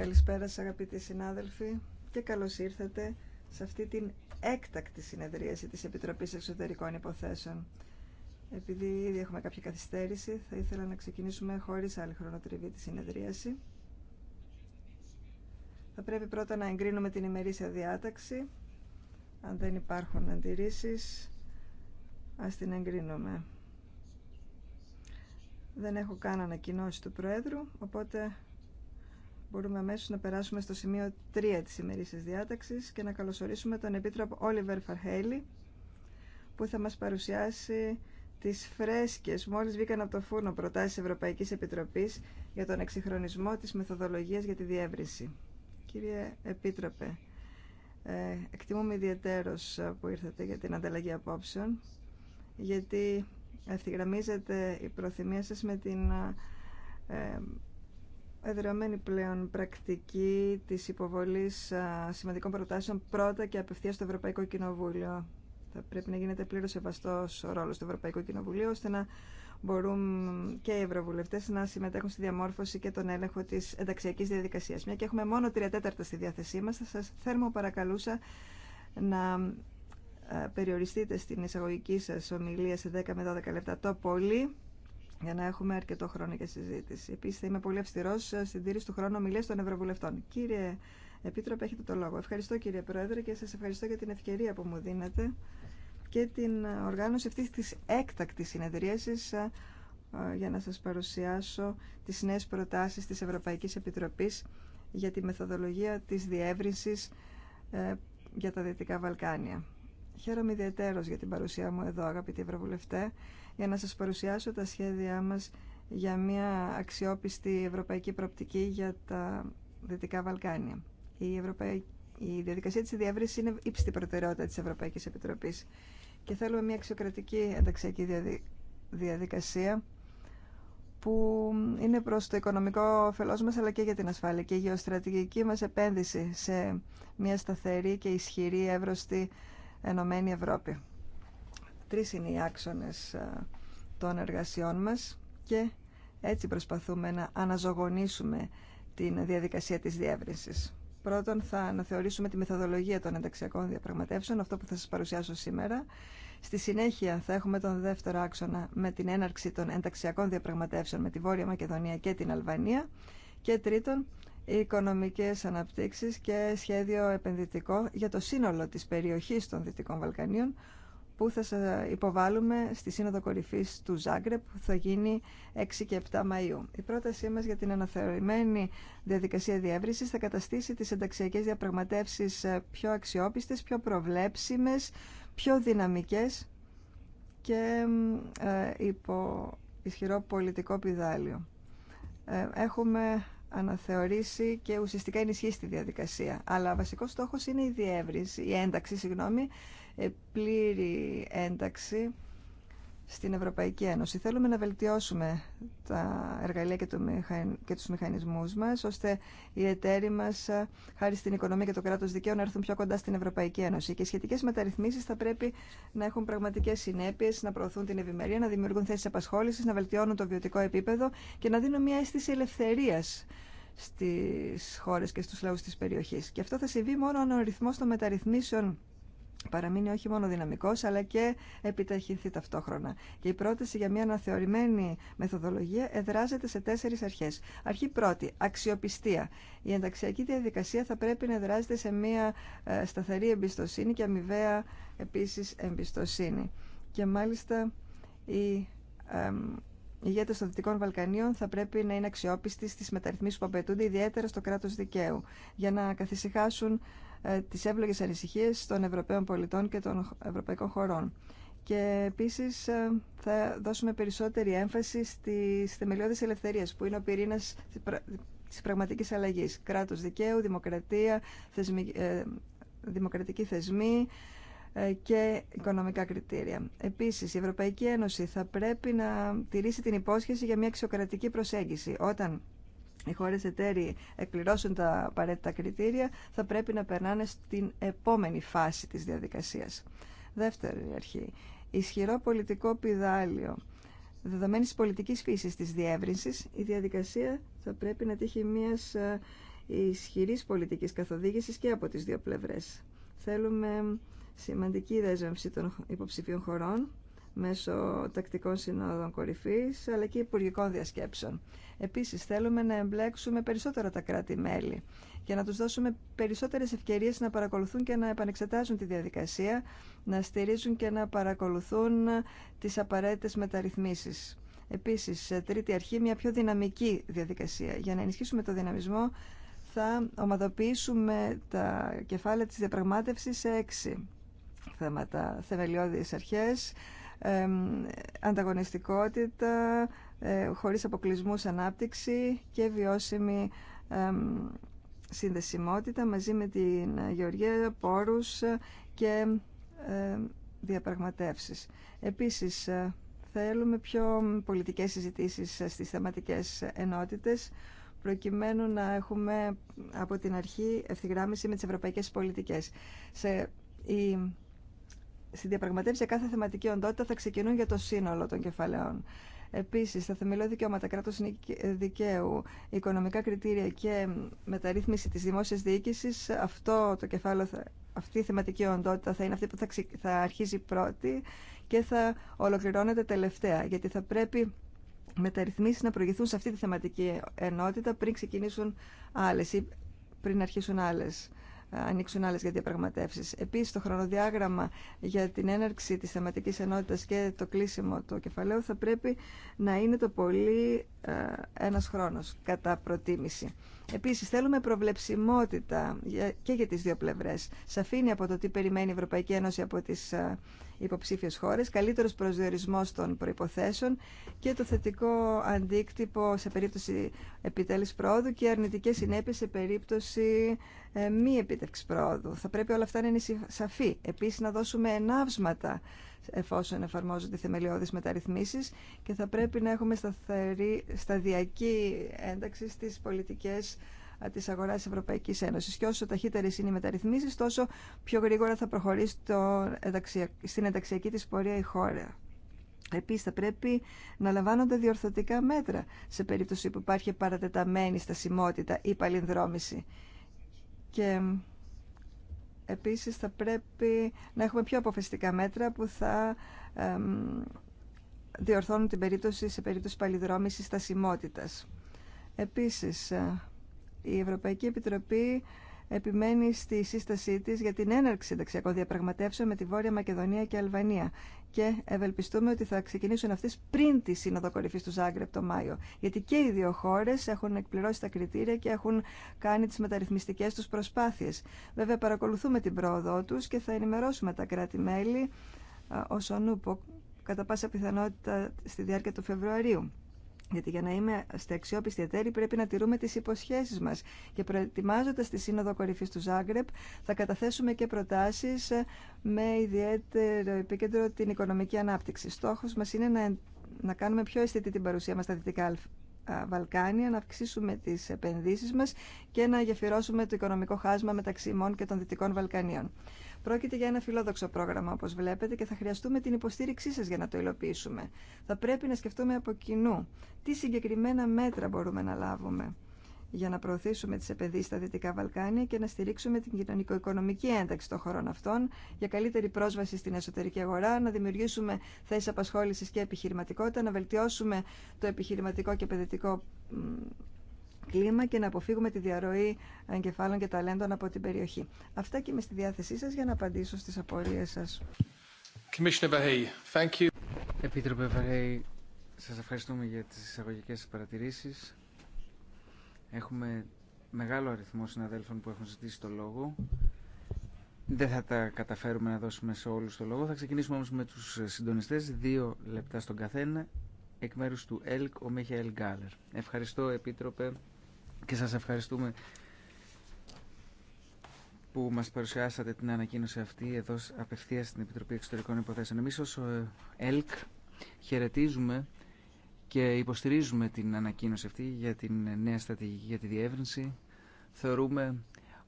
Καλησπέρα σας αγαπητοί συνάδελφοι και καλώς ήρθατε σε αυτή την έκτακτη συνεδρίαση της Επιτροπής Εξωτερικών Υποθέσεων. Επειδή ήδη έχουμε κάποια καθυστέρηση, θα ήθελα να ξεκινήσουμε χωρίς άλλη χρονοτριβή τη συνεδρίαση. Θα πρέπει πρώτα να εγκρίνουμε την ημερήσια διάταξη. Αν δεν υπάρχουν αντιρρήσεις, ας την εγκρίνουμε. Δεν έχω καν ανακοινώσει του Προέδρου, οπότε Μπορούμε αμέσω να περάσουμε στο σημείο 3 τη ημερήσια διάταξη και να καλωσορίσουμε τον Επίτροπο Όλιβερ Φαρχέλη που θα μα παρουσιάσει τι φρέσκε μόλι βγήκαν από το φούρνο, προτάσεις Ευρωπαϊκή Επιτροπή για τον εξυγχρονισμό τη μεθοδολογίας για τη διεύρυνση. Κύριε Επίτροπε, ε, εκτιμούμε ιδιαίτερω που ήρθατε για την ανταλλαγή απόψεων, γιατί ευθυγραμμίζεται η προθυμία σας με την ε, εδρεωμένη πλέον πρακτική της υποβολής σημαντικών προτάσεων πρώτα και απευθείας στο Ευρωπαϊκό Κοινοβούλιο. Θα πρέπει να γίνεται πλήρω σεβαστό ο ρόλο του Ευρωπαϊκού Κοινοβουλίου ώστε να μπορούν και οι ευρωβουλευτέ να συμμετέχουν στη διαμόρφωση και τον έλεγχο τη ενταξιακή διαδικασία. Μια και έχουμε μόνο τρία τέταρτα στη διάθεσή μα, θα σα θέρμο παρακαλούσα να περιοριστείτε στην εισαγωγική σα ομιλία σε 10 με 12 λεπτά το πολύ για να έχουμε αρκετό χρόνο για συζήτηση. Επίση, θα είμαι πολύ αυστηρό στην τήρηση του χρόνου ομιλία των Ευρωβουλευτών. Κύριε Επίτροπε, έχετε το λόγο. Ευχαριστώ, κύριε Πρόεδρε, και σα ευχαριστώ για την ευκαιρία που μου δίνετε και την οργάνωση αυτή τη έκτακτη συνεδρίαση ε, για να σας παρουσιάσω τις νέες προτάσεις της Ευρωπαϊκής Επιτροπής για τη μεθοδολογία της διεύρυνσης ε, για τα Δυτικά Βαλκάνια. Χαίρομαι ιδιαίτερος για την παρουσία μου εδώ, αγαπητοί Ευρωβουλευτέ, για να σας παρουσιάσω τα σχέδιά μας για μια αξιόπιστη ευρωπαϊκή προοπτική για τα Δυτικά Βαλκάνια. Η, Ευρωπαϊ... η διαδικασία της διεύρυνσης είναι ύψητη προτεραιότητα της Ευρωπαϊκής Επιτροπής και θέλουμε μια αξιοκρατική ενταξιακή διαδικασία που είναι προς το οικονομικό φελός μας αλλά και για την ασφάλεια και η γεωστρατηγική μας επένδυση σε μια σταθερή και ισχυρή εύρωστη ενωμένη Ευρώπη. Τρεις είναι οι άξονες ε, των εργασιών μας και έτσι προσπαθούμε να αναζωογονήσουμε την διαδικασία της διεύρυνσης. Πρώτον, θα αναθεωρήσουμε τη μεθοδολογία των ενταξιακών διαπραγματεύσεων, αυτό που θα σας παρουσιάσω σήμερα. Στη συνέχεια θα έχουμε τον δεύτερο άξονα με την έναρξη των ενταξιακών διαπραγματεύσεων με τη Βόρεια Μακεδονία και την Αλβανία. Και τρίτον, οι οικονομικές αναπτύξεις και σχέδιο επενδυτικό για το σύνολο της περιοχής των Δυτικών Βαλκανίων, που θα υποβάλουμε στη Σύνοδο Κορυφής του Ζάγκρεπ που θα γίνει 6 και 7 Μαΐου. Η πρότασή μας για την αναθεωρημένη διαδικασία διεύρυνσης θα καταστήσει τις ενταξιακές διαπραγματεύσεις ε, πιο αξιόπιστες, πιο προβλέψιμες, πιο δυναμικές και ε, υπό ισχυρό πολιτικό πηδάλιο. Ε, έχουμε αναθεωρήσει και ουσιαστικά ενισχύσει τη διαδικασία. Αλλά βασικό στόχος είναι η διεύρυνση, η ένταξη, συγγνώμη, ε, πλήρη ένταξη στην Ευρωπαϊκή Ένωση. Θέλουμε να βελτιώσουμε τα εργαλεία και, το μηχαν... και τους μηχανισμούς μας, ώστε οι εταίροι μας, χάρη στην οικονομία και το κράτος δικαίου, να έρθουν πιο κοντά στην Ευρωπαϊκή Ένωση. Και οι σχετικές μεταρρυθμίσεις θα πρέπει να έχουν πραγματικές συνέπειες, να προωθούν την ευημερία, να δημιουργούν θέσεις απασχόλησης, να βελτιώνουν το βιωτικό επίπεδο και να δίνουν μια αίσθηση ελευθερίας στις χώρες και στους λαούς της περιοχής. Και αυτό θα συμβεί μόνο αν ο ρυθμός των μεταρρυθμίσεων παραμείνει όχι μόνο δυναμικός αλλά και επιταχυνθεί ταυτόχρονα. Και η πρόταση για μια αναθεωρημένη μεθοδολογία εδράζεται σε τέσσερις αρχές. Αρχή πρώτη, αξιοπιστία. Η ενταξιακή διαδικασία θα πρέπει να εδράζεται σε μια ε, σταθερή εμπιστοσύνη και αμοιβαία επίσης εμπιστοσύνη. Και μάλιστα η οι ηγέτε των Δυτικών Βαλκανίων θα πρέπει να είναι αξιόπιστοι στι μεταρρυθμίσει που απαιτούνται, ιδιαίτερα στο κράτο δικαίου, για να καθησυχάσουν ε, τις εύλογες ανησυχίες των Ευρωπαίων πολιτών και των ευρωπαϊκών χωρών. Και επίσης ε, θα δώσουμε περισσότερη έμφαση στις θεμελιώδεις ελευθερίες που είναι ο πυρήνας της πραγματικής αλλαγής. Κράτος δικαίου, δημοκρατία, θεσμι... Ε, δημοκρατικοί θεσμοί και οικονομικά κριτήρια. Επίσης, η Ευρωπαϊκή Ένωση θα πρέπει να τηρήσει την υπόσχεση για μια αξιοκρατική προσέγγιση όταν οι χώρε εταίροι εκπληρώσουν τα απαραίτητα κριτήρια, θα πρέπει να περνάνε στην επόμενη φάση της διαδικασίας. Δεύτερη αρχή, ισχυρό πολιτικό πιδάλιο. Δεδομένη τη πολιτική φύση τη διεύρυνση, η διαδικασία θα πρέπει να τύχει μια ε, ισχυρή πολιτική καθοδήγηση και από τι δύο πλευρέ. Θέλουμε σημαντική δέσμευση των υποψηφίων χωρών μέσω τακτικών συνόδων κορυφής, αλλά και υπουργικών διασκέψεων. Επίσης, θέλουμε να εμπλέξουμε περισσότερα τα κράτη-μέλη και να τους δώσουμε περισσότερες ευκαιρίες να παρακολουθούν και να επανεξετάζουν τη διαδικασία, να στηρίζουν και να παρακολουθούν τις απαραίτητες μεταρρυθμίσεις. Επίσης, τρίτη αρχή, μια πιο δυναμική διαδικασία. Για να ενισχύσουμε το δυναμισμό, θα ομαδοποιήσουμε τα κεφάλαια της διαπραγματεύση σε έξι θέματα. Θεμελιώδεις αρχές, ανταγωνιστικότητα, ε, χωρίς αποκλεισμούς ανάπτυξη και βιώσιμη συνδεσιμότητα μαζί με την γεωργία, πόρους και διαπραγματεύσεις. Επίσης, ε, θέλουμε πιο πολιτικές συζητήσεις στις θεματικές ενότητες, προκειμένου να έχουμε από την αρχή ευθυγράμμιση με τις ευρωπαϊκές πολιτικές. Σε, η διαπραγματεύση για κάθε θεματική οντότητα θα ξεκινούν για το σύνολο των κεφαλαίων. Επίση, θα θεμελιώδη δικαιώματα, κράτο δικαίου, οικονομικά κριτήρια και μεταρρύθμιση τη δημόσια διοίκηση, αυτό το κεφάλαιο, αυτή η θεματική οντότητα θα είναι αυτή που θα, θα αρχίζει πρώτη και θα ολοκληρώνεται τελευταία. Γιατί θα πρέπει μεταρρυθμίσει να προηγηθούν σε αυτή τη θεματική ενότητα πριν ξεκινήσουν άλλε ή πριν αρχίσουν άλλε ανοίξουν άλλε για διαπραγματεύσεις. Επίσης, το χρονοδιάγραμμα για την έναρξη της θεματικής ενότητας και το κλείσιμο του κεφαλαίου θα πρέπει να είναι το πολύ ε, ένας χρόνος κατά προτίμηση. Επίσης θέλουμε προβλεψιμότητα και για τις δύο πλευρές. είναι από το τι περιμένει η Ευρωπαϊκή Ένωση από τις ε, υποψήφιες χώρες, καλύτερος προσδιορισμός των προϋποθέσεων και το θετικό αντίκτυπο σε περίπτωση επιτέλους πρόοδου και αρνητικές συνέπειες σε περίπτωση ε, μη επίτευξη πρόοδου. Θα πρέπει όλα αυτά να είναι σαφή. Επίσης να δώσουμε ενάυσματα εφόσον εφαρμόζονται θεμελιώδεις μεταρρυθμίσεις και θα πρέπει να έχουμε σταθερή, σταδιακή ένταξη στις πολιτικές της αγοράς Ευρωπαϊκής Ένωσης. Και όσο ταχύτερες είναι οι μεταρρυθμίσεις, τόσο πιο γρήγορα θα προχωρήσει το, στην ενταξιακή της πορεία η χώρα. Επίσης θα πρέπει να λαμβάνονται διορθωτικά μέτρα σε περίπτωση που υπάρχει παρατεταμένη στασιμότητα ή παλινδρόμηση. Και Επίσης θα πρέπει να έχουμε πιο αποφασιστικά μέτρα που θα διορθώνουν την περίπτωση σε περίπτωση παλιδρόμησης στασιμότητας. Επίσης, ε, η Ευρωπαϊκή Επιτροπή επιμένει στη σύστασή τη για την έναρξη συνταξιακών διαπραγματεύσεων με τη Βόρεια Μακεδονία και Αλβανία. Και ευελπιστούμε ότι θα ξεκινήσουν αυτέ πριν τη Σύνοδο Κορυφή του Ζάγκρεπ το Μάιο. Γιατί και οι δύο χώρε έχουν εκπληρώσει τα κριτήρια και έχουν κάνει τι μεταρρυθμιστικέ του προσπάθειε. Βέβαια, παρακολουθούμε την πρόοδό του και θα ενημερώσουμε τα κράτη-μέλη ε, ω ονούπο κατά πάσα πιθανότητα στη διάρκεια του Φεβρουαρίου. Γιατί για να στα αξιόπιστη εταίροι πρέπει να τηρούμε τις υποσχέσεις μας. Και προετοιμάζοντας τη Σύνοδο Κορυφής του Ζάγκρεπ θα καταθέσουμε και προτάσεις ε, με ιδιαίτερο επίκεντρο την οικονομική ανάπτυξη. Στόχος μας είναι να, να κάνουμε πιο αισθητή την παρουσία μας στα Δυτικά Βαλκάνια, να αυξήσουμε τις επενδύσεις μας και να γεφυρώσουμε το οικονομικό χάσμα μεταξύ ημών και των Δυτικών Βαλκανίων. Πρόκειται για ένα φιλόδοξο πρόγραμμα, όπω βλέπετε, και θα χρειαστούμε την υποστήριξή σα για να το υλοποιήσουμε. Θα πρέπει να σκεφτούμε από κοινού τι συγκεκριμένα μέτρα μπορούμε να λάβουμε για να προωθήσουμε τι επενδύσει στα Δυτικά Βαλκάνια και να στηρίξουμε την κοινωνικο-οικονομική ένταξη των χωρών αυτών για καλύτερη πρόσβαση στην εσωτερική αγορά, να δημιουργήσουμε θέσει απασχόληση και επιχειρηματικότητα, να βελτιώσουμε το επιχειρηματικό και επενδυτικό κλίμα και να αποφύγουμε τη διαρροή εγκεφάλων και ταλέντων από την περιοχή. Αυτά και είμαι στη διάθεσή σας για να απαντήσω στις απορίες σας. Επίτροπε Βαρέη, σας ευχαριστούμε για τις εισαγωγικές σας παρατηρήσεις. Έχουμε μεγάλο αριθμό συναδέλφων που έχουν ζητήσει το λόγο. Δεν θα τα καταφέρουμε να δώσουμε σε όλους το λόγο. Θα ξεκινήσουμε όμως με τους συντονιστές. Δύο λεπτά στον καθένα εκ μέρους του ΕΛΚ ο Μιχαήλ Γκάλερ. Ευχαριστώ Επίτροπε και σας ευχαριστούμε που μας παρουσιάσατε την ανακοίνωση αυτή εδώ απευθείας στην Επιτροπή Εξωτερικών Υποθέσεων. Εμείς ως ε, ΕΛΚ χαιρετίζουμε και υποστηρίζουμε την ανακοίνωση αυτή για την ε, νέα στρατηγική για τη διεύρυνση. Θεωρούμε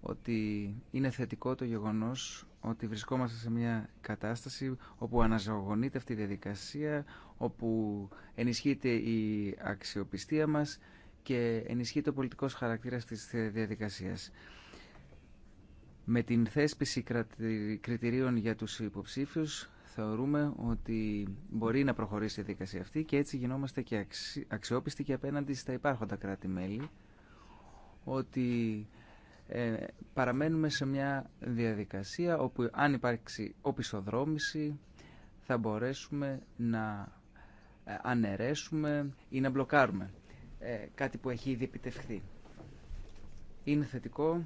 ότι είναι θετικό το γεγονός ότι βρισκόμαστε σε μια κατάσταση όπου αναζωογονείται αυτή η διαδικασία, όπου ενισχύεται η αξιοπιστία μας και ενισχύεται ο πολιτικός χαρακτήρας της διαδικασίας. Με την θέσπιση κριτηρίων για τους υποψήφιους θεωρούμε ότι μπορεί να προχωρήσει η διαδικασία αυτή και έτσι γινόμαστε και αξιόπιστοι και απέναντι στα υπάρχοντα κράτη-μέλη ότι ε, παραμένουμε σε μια διαδικασία όπου αν υπάρξει οπισθοδρόμηση θα μπορέσουμε να ε, ανέρεσουμε ή να μπλοκάρουμε ε, κάτι που έχει ήδη επιτευχθεί. Είναι θετικό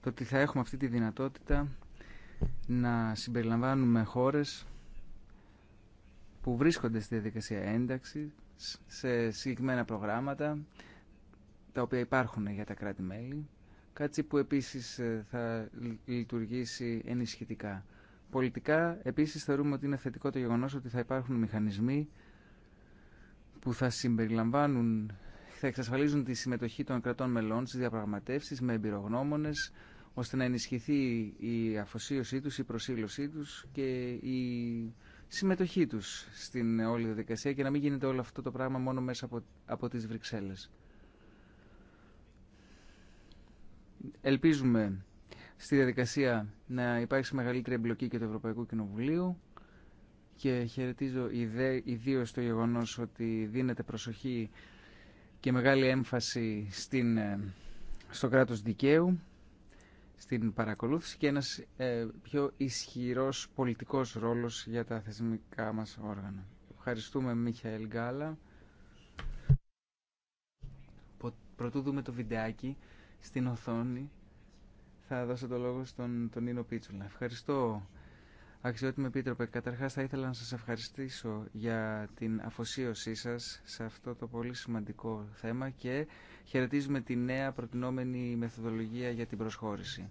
το ότι θα έχουμε αυτή τη δυνατότητα να συμπεριλαμβάνουμε χώρες που βρίσκονται στη διαδικασία ένταξη σε συγκεκριμένα προγράμματα τα οποία υπάρχουν για τα κράτη-μέλη κάτι που επίσης ε, θα λειτουργήσει ενισχυτικά. Πολιτικά, επίσης, θεωρούμε ότι είναι θετικό το γεγονός ότι θα υπάρχουν μηχανισμοί που θα συμπεριλαμβάνουν, θα εξασφαλίζουν τη συμμετοχή των κρατών μελών στις διαπραγματεύσεις με εμπειρογνώμονες, ώστε να ενισχυθεί η αφοσίωσή τους, η προσήλωσή τους και η συμμετοχή τους στην όλη διαδικασία και να μην γίνεται όλο αυτό το πράγμα μόνο μέσα από, από τις Βρυξέλλες. Ελπίζουμε στη διαδικασία να υπάρξει μεγαλύτερη εμπλοκή και του Ευρωπαϊκού Κοινοβουλίου και χαιρετίζω ιδίω το γεγονό ότι δίνεται προσοχή και μεγάλη έμφαση στην, ε, στο κράτος δικαίου, στην παρακολούθηση και ένας ε, πιο ισχυρός πολιτικός ρόλος για τα θεσμικά μας όργανα. Ευχαριστούμε Μίχαελ Γκάλα. Πρωτού δούμε το βιντεάκι στην οθόνη. Θα δώσω το λόγο στον τον Νίνο Πίτσουλα. Ευχαριστώ. αξιότιμο Επίτροπε, καταρχάς θα ήθελα να σας ευχαριστήσω για την αφοσίωσή σας σε αυτό το πολύ σημαντικό θέμα και χαιρετίζουμε τη νέα προτινόμενη μεθοδολογία για την προσχώρηση.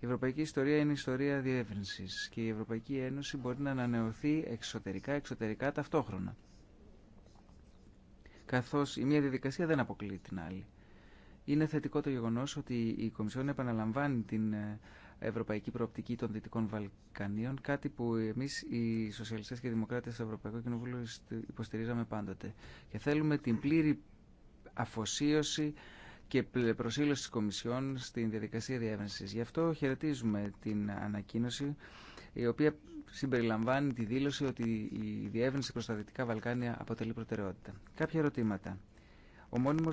Η ευρωπαϊκή ιστορία είναι ιστορία διεύρυνση και η Ευρωπαϊκή Ένωση μπορεί να ανανεωθεί εξωτερικά-εξωτερικά ταυτόχρονα. Καθώ η μία διαδικασία δεν αποκλείει την άλλη. Είναι θετικό το γεγονό ότι η Κομισιόν επαναλαμβάνει την ε, ευρωπαϊκή προοπτική των Δυτικών Βαλκανίων, κάτι που εμεί, οι Σοσιαλιστέ και Δημοκράτε του Ευρωπαϊκό Κοινοβούλιο υποστηρίζαμε πάντοτε. Και θέλουμε την πλήρη αφοσίωση και προσήλωση της Κομισιόν στην διαδικασία διεύρυνσης. Γι' αυτό χαιρετίζουμε την ανακοίνωση η οποία συμπεριλαμβάνει τη δήλωση ότι η διεύρυνση προς τα Δυτικά Βαλκάνια αποτελεί προτεραιότητα. Κάποια ερωτήματα. Ο μόνιμο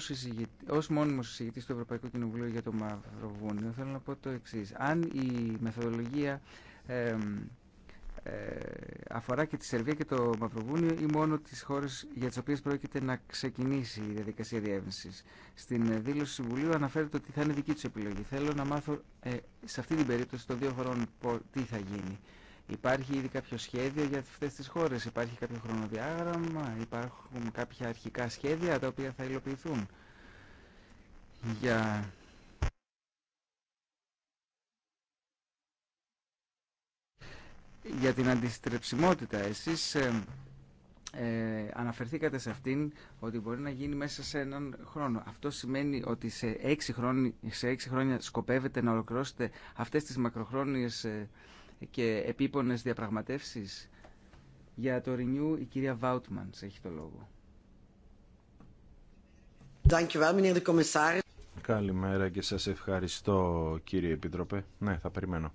ως μόνιμος του Ευρωπαϊκού Κοινοβουλίου για το Μαυροβούνιο θέλω να πω το εξής. Αν η μεθοδολογία ε, ε, αφορά και τη Σερβία και το Μαυροβούνιο ή μόνο τις χώρες για τις οποίες πρόκειται να ξεκινήσει η διαδικασία διεύνησης. Στην δήλωση του Συμβουλίου αναφέρεται ότι θα είναι δική του επιλογή. Θέλω να μάθω ε, σε αυτή την περίπτωση των δύο χωρών τι θα γίνει. Υπάρχει ήδη κάποιο σχέδιο για αυτές τις χώρες, υπάρχει κάποιο χρονοδιάγραμμα, υπάρχουν κάποια αρχικά σχέδια τα οποία θα υλοποιηθούν. Για για την αντιστρεψιμότητα. Εσείς ε, ε αναφερθήκατε σε αυτήν ότι μπορεί να γίνει μέσα σε έναν χρόνο. Αυτό σημαίνει ότι σε έξι χρόνια, σε χρόνια σκοπεύετε να ολοκληρώσετε αυτές τις μακροχρόνιες ε, και επίπονες διαπραγματεύσεις. Για το Renew, η κυρία Βάουτμαν, έχει το λόγο. Καλημέρα και σας ευχαριστώ κύριε Επίτροπε. Ναι, θα περιμένω.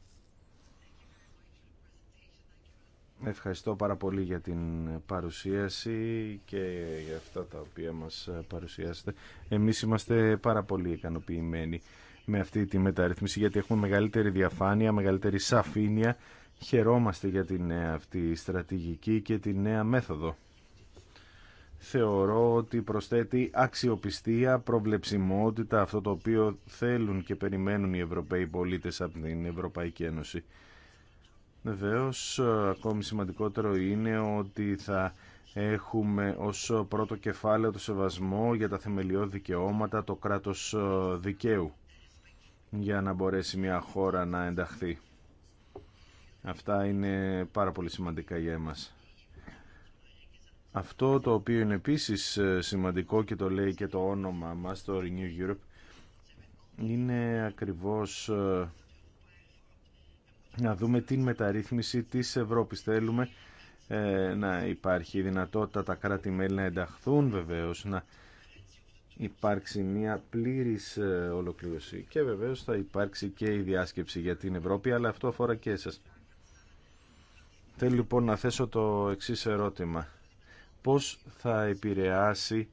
Ευχαριστώ πάρα πολύ για την παρουσίαση και για αυτά τα οποία μας παρουσιάσετε. Εμείς είμαστε πάρα πολύ ικανοποιημένοι με αυτή τη μεταρρύθμιση γιατί έχουμε μεγαλύτερη διαφάνεια, μεγαλύτερη σαφήνεια. Χαιρόμαστε για την νέα αυτή στρατηγική και τη νέα μέθοδο. Θεωρώ ότι προσθέτει αξιοπιστία, προβλεψιμότητα, αυτό το οποίο θέλουν και περιμένουν οι Ευρωπαίοι πολίτες από την Ευρωπαϊκή Ένωση. Βεβαίω, ακόμη σημαντικότερο είναι ότι θα έχουμε ως πρώτο κεφάλαιο το σεβασμό για τα θεμελιώδη δικαιώματα, το κράτος ε, δικαίου για να μπορέσει μια χώρα να ενταχθεί. Αυτά είναι πάρα πολύ σημαντικά για εμάς. Αυτό το οποίο είναι επίσης ε, σημαντικό και το λέει και το όνομα μας, το Renew Europe, είναι ακριβώς ε, να δούμε την μεταρρύθμιση της Ευρώπης. Θέλουμε ε, να υπάρχει δυνατότητα τα κράτη-μέλη να ενταχθούν βεβαίως, να υπάρξει μια πλήρης ε, ολοκλήρωση και βεβαίως θα υπάρξει και η διάσκεψη για την Ευρώπη αλλά αυτό αφορά και εσάς. Θέλω λοιπόν να θέσω το εξής ερώτημα. Πώς θα επηρεάσει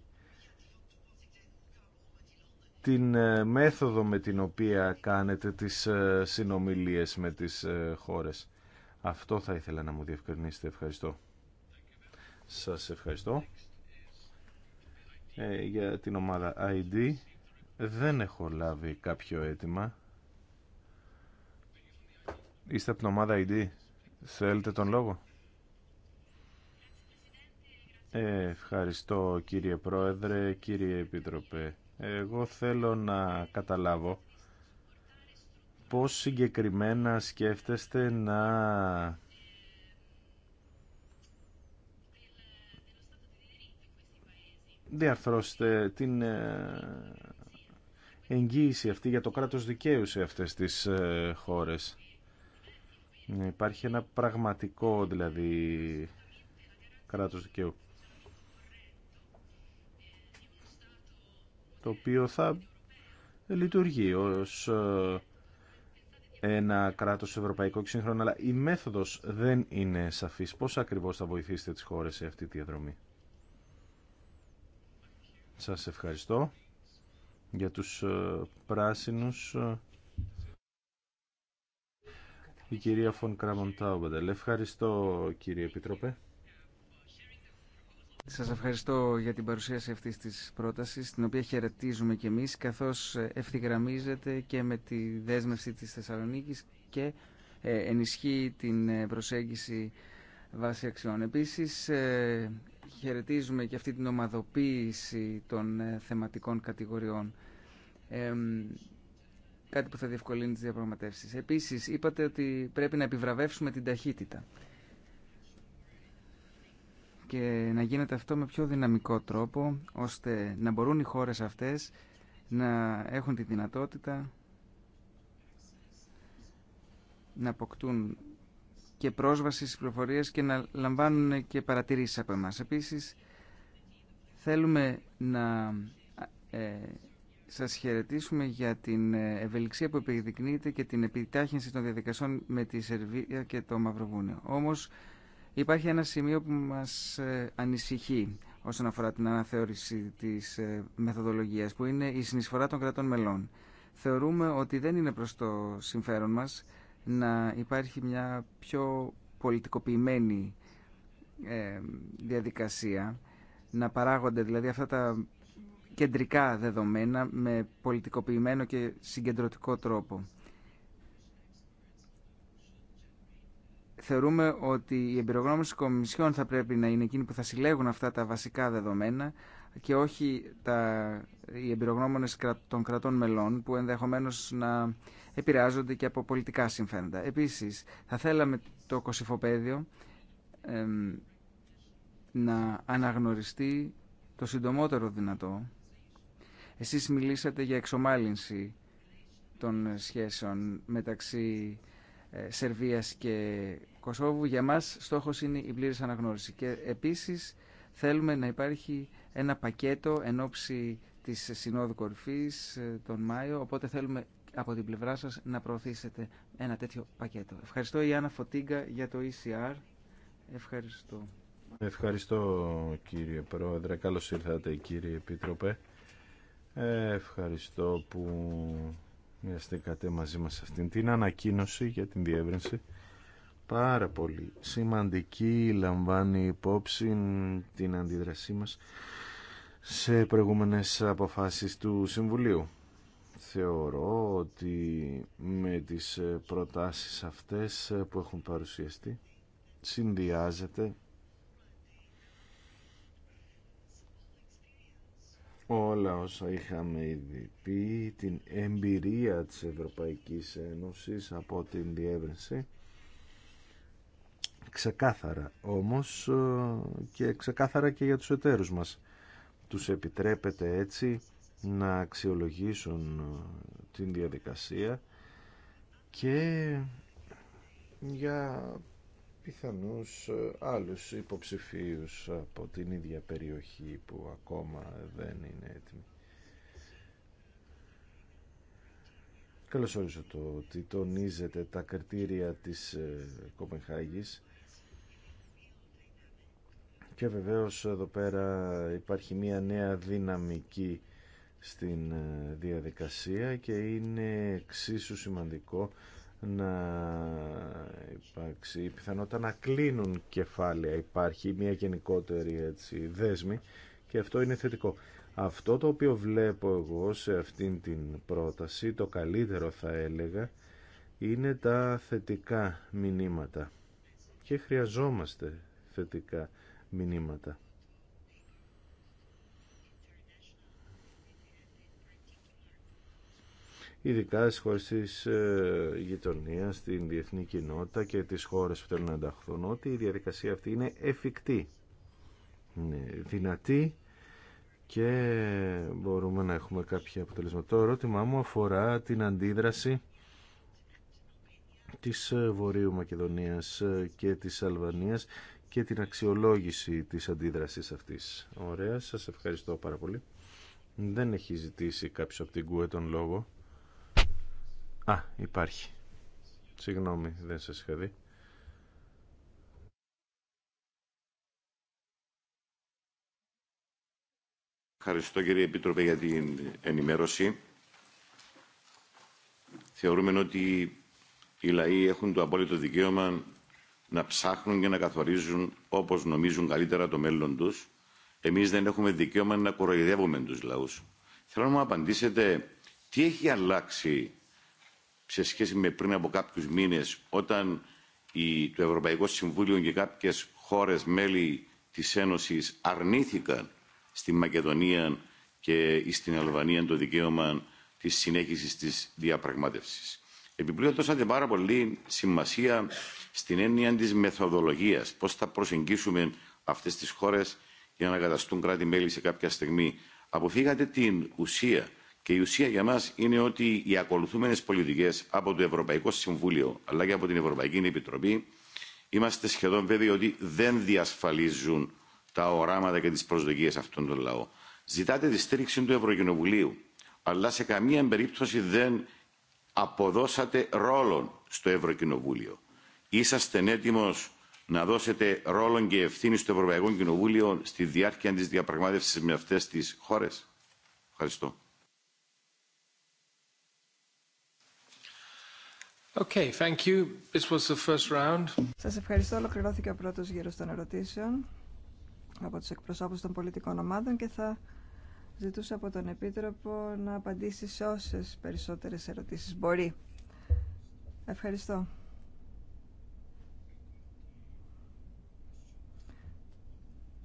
την ε, μέθοδο με την οποία κάνετε τις ε, συνομιλίες με τις χώρες. Αυτό θα ήθελα να μου διευκρινίσετε. Ευχαριστώ. Σας ευχαριστώ. Ε, για την ομάδα ID δεν έχω λάβει κάποιο αίτημα. Είστε από την ομάδα ID. Θέλετε τον λόγο. Ε, ευχαριστώ κύριε Πρόεδρε, κύριε Επίτροπε. Εγώ θέλω να καταλάβω πώς συγκεκριμένα σκέφτεστε να διαρθρώστε την ε, εγγύηση αυτή για το κράτος δικαίου σε αυτές τις ε, χώρες. Υπάρχει ένα πραγματικό δηλαδή κράτος δικαίου το οποίο θα λειτουργεί ως ε, ένα κράτος ευρωπαϊκό και σύγχρονο αλλά η μέθοδος δεν είναι σαφής. Πώς ακριβώς θα βοηθήσετε τις χώρες σε αυτή τη διαδρομή. Σας ευχαριστώ για τους ε, πράσινους. Ε, η κυρία Φων Κράμον Ευχαριστώ κύριε Επίτροπε. Σας ευχαριστώ για την παρουσίαση αυτής της πρότασης, την οποία χαιρετίζουμε και εμείς, καθώς ευθυγραμμίζεται και με τη δέσμευση της Θεσσαλονίκης και ε, ενισχύει την προσέγγιση βάση αξιών. Επίσης, χαιρετίζουμε και αυτή την ομαδοποίηση των ε, θεματικών κατηγοριών. κάτι που θα διευκολύνει τις διαπραγματεύσεις. Επίσης, είπατε ότι πρέπει να επιβραβεύσουμε την ταχύτητα και να γίνεται αυτό με πιο δυναμικό τρόπο, ώστε να μπορούν οι χώρες αυτές να έχουν τη δυνατότητα να αποκτούν και πρόσβαση στις πληροφορίες και να λαμβάνουν και παρατηρήσεις από εμάς. Επίσης, θέλουμε να ε, σας χαιρετήσουμε για την ε, ευελιξία που επιδεικνύεται και την επιτάχυνση των διαδικασιών με τη Σερβία και το Μαυροβούνιο. Όμως, υπάρχει ένα σημείο που μας ε, ανησυχεί όσον αφορά την αναθεώρηση της ε, μεθοδολογίας, που είναι η συνεισφορά των κρατών μελών. Θεωρούμε ότι δεν είναι προς το συμφέρον μας να υπάρχει μια πιο πολιτικοποιημένη ε, διαδικασία, να παράγονται δηλαδή αυτά τα κεντρικά δεδομένα με πολιτικοποιημένο και συγκεντρωτικό τρόπο. Θεωρούμε ότι οι εμπειρογνώμονες κομισιών θα πρέπει να είναι εκείνοι που θα συλλέγουν αυτά τα βασικά δεδομένα και όχι τα, οι εμπειρογνώμονες των κρατών μελών που ενδεχομένως να επηρεάζονται και από πολιτικά συμφέροντα. Επίσης, θα θέλαμε το κοσυφοπαίδιο να αναγνωριστεί το συντομότερο δυνατό. Εσείς μιλήσατε για εξομάλυνση των σχέσεων μεταξύ ε, Σερβίας και Κωσόβου. Για μας στόχος είναι η πλήρης αναγνώριση. Και επίσης θέλουμε να υπάρχει ένα πακέτο εν ώψη της Συνόδου Κορυφής ε, τον Μάιο, οπότε θέλουμε από την πλευρά σας να προωθήσετε ένα τέτοιο πακέτο. Ευχαριστώ η Άννα Φωτίγκα για το ECR. Ευχαριστώ. Ευχαριστώ κύριε Πρόεδρε. Καλώς ήρθατε κύριε Επίτροπε. Ευχαριστώ που μοιραστήκατε μαζί μας αυτήν την ανακοίνωση για την διεύρυνση. Πάρα πολύ σημαντική λαμβάνει υπόψη την αντίδρασή μας σε προηγούμενες αποφάσεις του Συμβουλίου θεωρώ ότι με τις ε, προτάσεις αυτές ε, που έχουν παρουσιαστεί συνδυάζεται όλα όσα είχαμε ήδη πει, την εμπειρία της Ευρωπαϊκής Ένωσης από την διεύρυνση ξεκάθαρα όμως ε, και ξεκάθαρα και για τους εταίρους μας τους επιτρέπεται έτσι να αξιολογήσουν ε, την διαδικασία και για πιθανούς ε, άλλους υποψηφίους από την ίδια περιοχή που ακόμα δεν είναι έτοιμοι. Καλώς όριζω το ότι τονίζεται τα κριτήρια της ε, Κοπενχάγης και βεβαίως εδώ πέρα υπάρχει μια νέα δυναμική στην ε, διαδικασία και είναι εξίσου σημαντικό να υπάρξει η πιθανότητα να κλείνουν κεφάλαια. Υπάρχει μια γενικότερη έτσι, δέσμη και αυτό είναι θετικό. Αυτό το οποίο βλέπω εγώ σε αυτήν την πρόταση, το καλύτερο θα έλεγα, είναι τα θετικά μηνύματα. Και χρειαζόμαστε θετικά μηνύματα. ειδικά στις χώρες της ε, γειτονίας, στην διεθνή κοινότητα και τις χώρες που θέλουν να ενταχθούν, ότι η διαδικασία αυτή είναι εφικτή, δυνατή και μπορούμε να έχουμε κάποια αποτελέσματα. Το ερώτημά μου αφορά την αντίδραση της ε, Βορείου Μακεδονίας ε, και της Αλβανίας και την αξιολόγηση της αντίδρασης αυτής. Ωραία, σας ευχαριστώ πάρα πολύ. Δεν έχει ζητήσει κάποιος από την ΚΟΕ τον λόγο. Α, υπάρχει. Συγγνώμη, δεν σας είχα δει. Ευχαριστώ κύριε Επίτροπε για την ενημέρωση. Θεωρούμε ότι οι λαοί έχουν το απόλυτο δικαίωμα να ψάχνουν και να καθορίζουν όπως νομίζουν καλύτερα το μέλλον τους. Εμείς δεν έχουμε δικαίωμα να κοροϊδεύουμε τους λαούς. Θέλω να μου απαντήσετε τι έχει αλλάξει σε σχέση με πριν από κάποιους μήνες όταν η, το Ευρωπαϊκό Συμβούλιο και κάποιες χώρες μέλη της Ένωσης αρνήθηκαν στη Μακεδονία και στην Αλβανία το δικαίωμα της συνέχισης της διαπραγμάτευσης. Επιπλέον δώσατε πάρα πολύ σημασία στην έννοια της μεθοδολογίας, πώς θα προσεγγίσουμε αυτές τις χώρες για να καταστούν κράτη-μέλη σε κάποια στιγμή. Αποφύγατε την ουσία και η ουσία για μα είναι ότι οι ακολουθούμενε πολιτικέ από το Ευρωπαϊκό Συμβούλιο αλλά και από την Ευρωπαϊκή Επιτροπή είμαστε σχεδόν βέβαιοι ότι δεν διασφαλίζουν τα οράματα και τι προσδοκίε αυτών των λαών. Ζητάτε τη στήριξη του Ευρωκοινοβουλίου, αλλά σε καμία περίπτωση δεν αποδώσατε ρόλο στο Ευρωκοινοβούλιο. Είσαστε έτοιμος να δώσετε ρόλο και ευθύνη στο Ευρωπαϊκό Κοινοβούλιο στη διάρκεια τη διαπραγματεύση με αυτέ τι χώρε. Ευχαριστώ. Okay, Σας ευχαριστώ. Ολοκληρώθηκε ο πρώτος γύρος των ερωτήσεων από τους εκπροσώπους των πολιτικών ομάδων και θα ζητούσα από τον Επίτροπο να απαντήσει σε όσες περισσότερες ερωτήσεις μπορεί. Ευχαριστώ.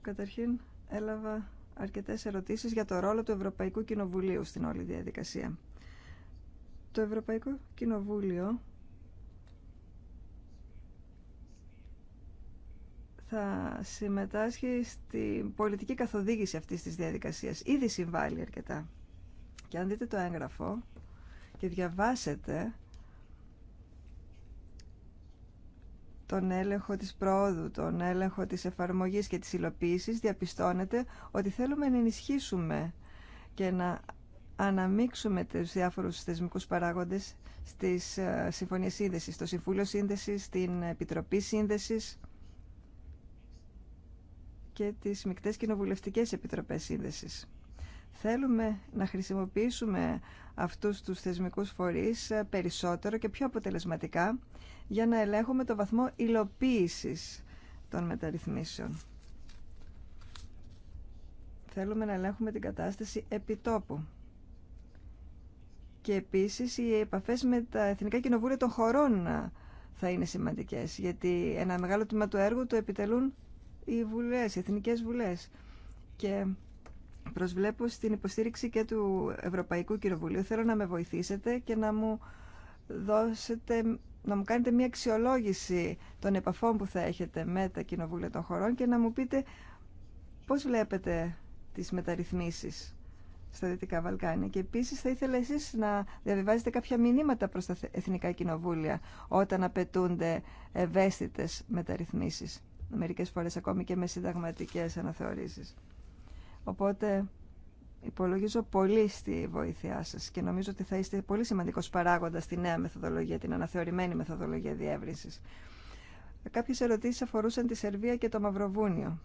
Καταρχήν έλαβα αρκετές ερωτήσεις για το ρόλο του Ευρωπαϊκού Κοινοβουλίου στην όλη διαδικασία. Το Ευρωπαϊκό Κοινοβούλιο θα συμμετάσχει στην πολιτική καθοδήγηση αυτής της διαδικασίας. Ήδη συμβάλλει αρκετά. Και αν δείτε το έγγραφο και διαβάσετε τον έλεγχο της πρόοδου, τον έλεγχο της εφαρμογής και της υλοποίησης, διαπιστώνετε ότι θέλουμε να ενισχύσουμε και να αναμίξουμε τους διάφορους θεσμικούς παράγοντες στις ε, Συμφωνίες Σύνδεσης, στο Συμφούλιο Σύνδεσης, στην Επιτροπή Σύνδεσης, και τις μικτές κοινοβουλευτικές επιτροπές σύνδεσης. Θέλουμε να χρησιμοποιήσουμε αυτούς τους θεσμικούς φορείς ε, περισσότερο και πιο αποτελεσματικά για να ελέγχουμε το βαθμό υλοποίησης των μεταρρυθμίσεων. Θέλουμε να ελέγχουμε την κατάσταση επιτόπου. Και επίσης οι επαφές με τα Εθνικά Κοινοβούλια των χωρών ε, θα είναι σημαντικές, γιατί ένα μεγάλο τμήμα του έργου το επιτελούν οι βουλές, οι εθνικές βουλές. Και προσβλέπω στην υποστήριξη και του Ευρωπαϊκού Κοινοβουλίου. Θέλω να με βοηθήσετε και να μου δώσετε να μου κάνετε μια αξιολόγηση των επαφών που θα έχετε με τα κοινοβούλια των χωρών και να μου πείτε πώς βλέπετε τις μεταρρυθμίσεις στα Δυτικά Βαλκάνια. Και επίσης θα ήθελα εσείς να διαβιβάζετε κάποια μηνύματα προς τα εθνικά κοινοβούλια όταν απαιτούνται ευαίσθητες μεταρρυθμίσεις μερικές φορές ακόμη και με συνταγματικές αναθεωρήσεις. Οπότε υπολογίζω πολύ στη βοήθειά σας και νομίζω ότι θα είστε πολύ σημαντικός παράγοντας στη νέα μεθοδολογία, την αναθεωρημένη μεθοδολογία διεύρυνσης. Κάποιες ερωτήσεις αφορούσαν τη Σερβία και το Μαυροβούνιο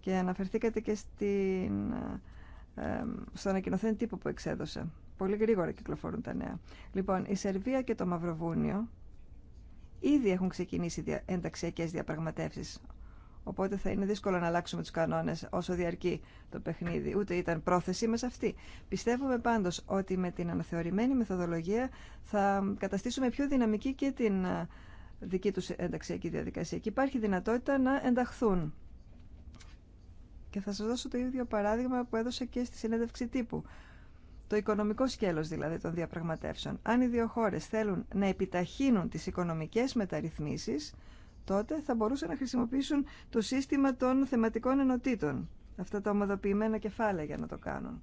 και αναφερθήκατε και στην, ε, στο ανακοινωθέν τύπο που εξέδωσε. Πολύ γρήγορα κυκλοφορούν τα νέα. Λοιπόν, η Σερβία και το Μαυροβούνιο ήδη έχουν ξεκινήσει ενταξιακέ διαπραγματεύσεις. Οπότε θα είναι δύσκολο να αλλάξουμε τους κανόνες όσο διαρκεί το παιχνίδι. Ούτε ήταν πρόθεσή μας αυτή. Πιστεύουμε πάντω ότι με την αναθεωρημένη μεθοδολογία θα καταστήσουμε πιο δυναμική και την ε, δική του ενταξιακή διαδικασία. Και υπάρχει δυνατότητα να ενταχθούν. Και θα σα δώσω το ίδιο παράδειγμα που έδωσα και στη συνέντευξη τύπου το οικονομικό σκέλος δηλαδή των διαπραγματεύσεων. Αν οι δύο χώρες θέλουν να επιταχύνουν τις οικονομικές μεταρρυθμίσεις, τότε θα μπορούσαν να χρησιμοποιήσουν το σύστημα των θεματικών ενωτήτων, αυτά τα ομοδοποιημένα κεφάλαια για να το κάνουν.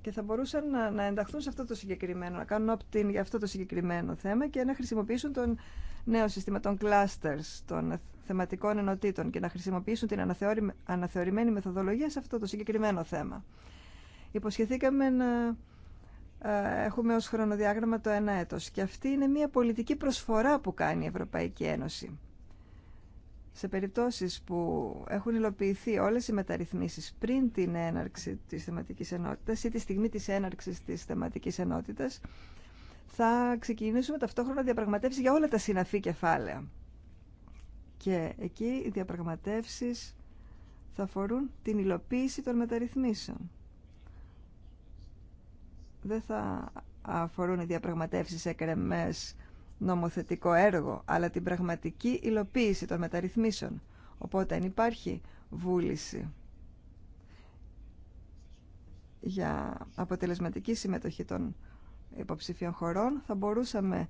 Και θα μπορούσαν να, να ενταχθούν σε αυτό το συγκεκριμένο, να κάνουν opt-in για αυτό το συγκεκριμένο θέμα και να χρησιμοποιήσουν τον νέο σύστημα των clusters, των θεματικών ενωτήτων και να χρησιμοποιήσουν την αναθεωρημένη μεθοδολογία σε αυτό το συγκεκριμένο θέμα. Υποσχεθήκαμε να έχουμε ως χρονοδιάγραμμα το ένα έτος και αυτή είναι μια πολιτική προσφορά που κάνει η Ευρωπαϊκή Ένωση. Σε περιπτώσεις που έχουν υλοποιηθεί όλες οι μεταρρυθμίσεις πριν την έναρξη της θεματικής ενότητας ή τη στιγμή της έναρξης της θεματικής ενότητας, θα ξεκινήσουμε ταυτόχρονα διαπραγματεύσεις για όλα τα συναφή κεφάλαια. Και εκεί οι διαπραγματεύσεις θα αφορούν την υλοποίηση των μεταρρυθμίσεων δεν θα αφορούν οι διαπραγματεύσεις σε κρεμές νομοθετικό έργο, αλλά την πραγματική υλοποίηση των μεταρρυθμίσεων. Οπότε αν υπάρχει βούληση για αποτελεσματική συμμετοχή των υποψηφίων χωρών, θα μπορούσαμε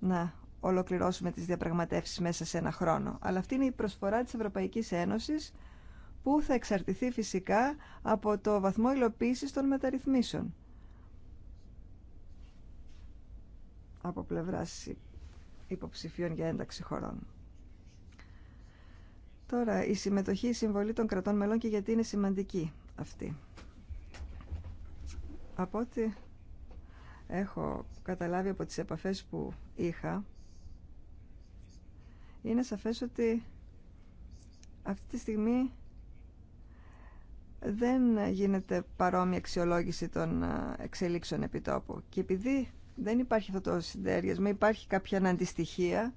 να ολοκληρώσουμε τις διαπραγματεύσεις μέσα σε ένα χρόνο. Αλλά αυτή είναι η προσφορά της Ευρωπαϊκής Ένωσης που θα εξαρτηθεί φυσικά από το βαθμό υλοποίησης των μεταρρυθμίσεων. από πλευράς υποψηφίων για ένταξη χωρών. Τώρα, η συμμετοχή, η συμβολή των κρατών μελών και γιατί είναι σημαντική αυτή. Από ό,τι έχω καταλάβει από τις επαφές που είχα, είναι σαφές ότι αυτή τη στιγμή δεν γίνεται παρόμοια αξιολόγηση των ε, εξελίξεων επιτόπου. Και επειδή δεν υπάρχει αυτό το συντέριασμα, υπάρχει κάποια αντιστοιχία.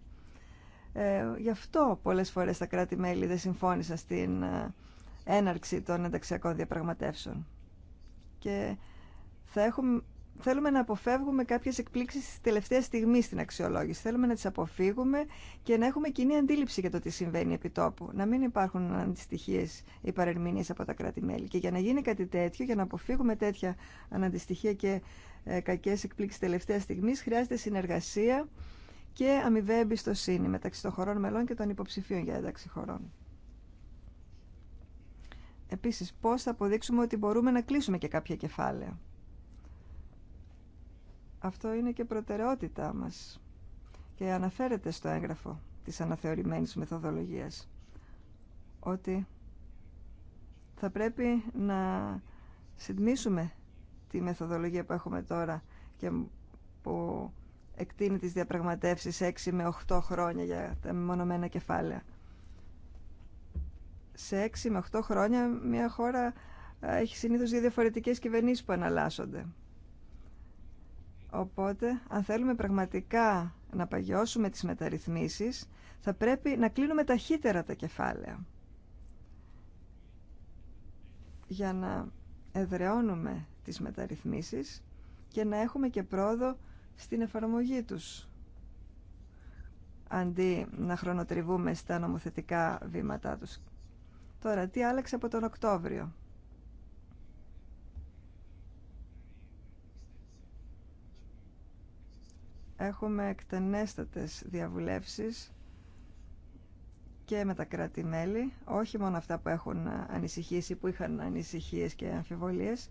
Ε, γι' αυτό πολλές φορές τα κράτη-μέλη δεν συμφώνησαν στην ε, έναρξη των ενταξιακών διαπραγματεύσεων. Και θα έχουμε θέλουμε να αποφεύγουμε κάποιες εκπλήξεις τη τελευταία στιγμή στην αξιολόγηση. Θέλουμε να τις αποφύγουμε και να έχουμε κοινή αντίληψη για το τι συμβαίνει επί τόπου. Να μην υπάρχουν αντιστοιχίες ή παρερμηνίες από τα κράτη-μέλη. Και για να γίνει κάτι τέτοιο, για να αποφύγουμε τέτοια αναντιστοιχεία και ε, κακές εκπλήξεις τελευταίας στιγμής, χρειάζεται συνεργασία και αμοιβαία εμπιστοσύνη μεταξύ των χωρών μελών και των υποψηφίων για ένταξη χωρών. Επίσης, πώς θα αποδείξουμε ότι μπορούμε να κλείσουμε και κάποια κεφάλαια. Αυτό είναι και προτεραιότητά μας και αναφέρεται στο έγγραφο της αναθεωρημένης μεθοδολογίας ότι θα πρέπει να συντμίσουμε τη μεθοδολογία που έχουμε τώρα και που εκτείνει τις διαπραγματεύσεις 6 με 8 χρόνια για τα μονομενα κεφάλαια. Σε 6 με 8 χρόνια μια χώρα έχει συνήθως δύο διαφορετικές κυβερνήσεις που αναλάσσονται. Οπότε, αν θέλουμε πραγματικά να παγιώσουμε τις μεταρρυθμίσεις, θα πρέπει να κλείνουμε ταχύτερα τα κεφάλαια. Για να εδραιώνουμε τις μεταρρυθμίσεις και να έχουμε και πρόοδο στην εφαρμογή τους. Αντί να χρονοτριβούμε στα νομοθετικά βήματά τους. Τώρα, τι άλλαξε από τον Οκτώβριο. Έχουμε εκτενέστατες διαβουλεύσεις και με τα κράτη-μέλη, όχι μόνο αυτά που έχουν ανησυχήσει, που είχαν ανησυχίες και αμφιβολίες.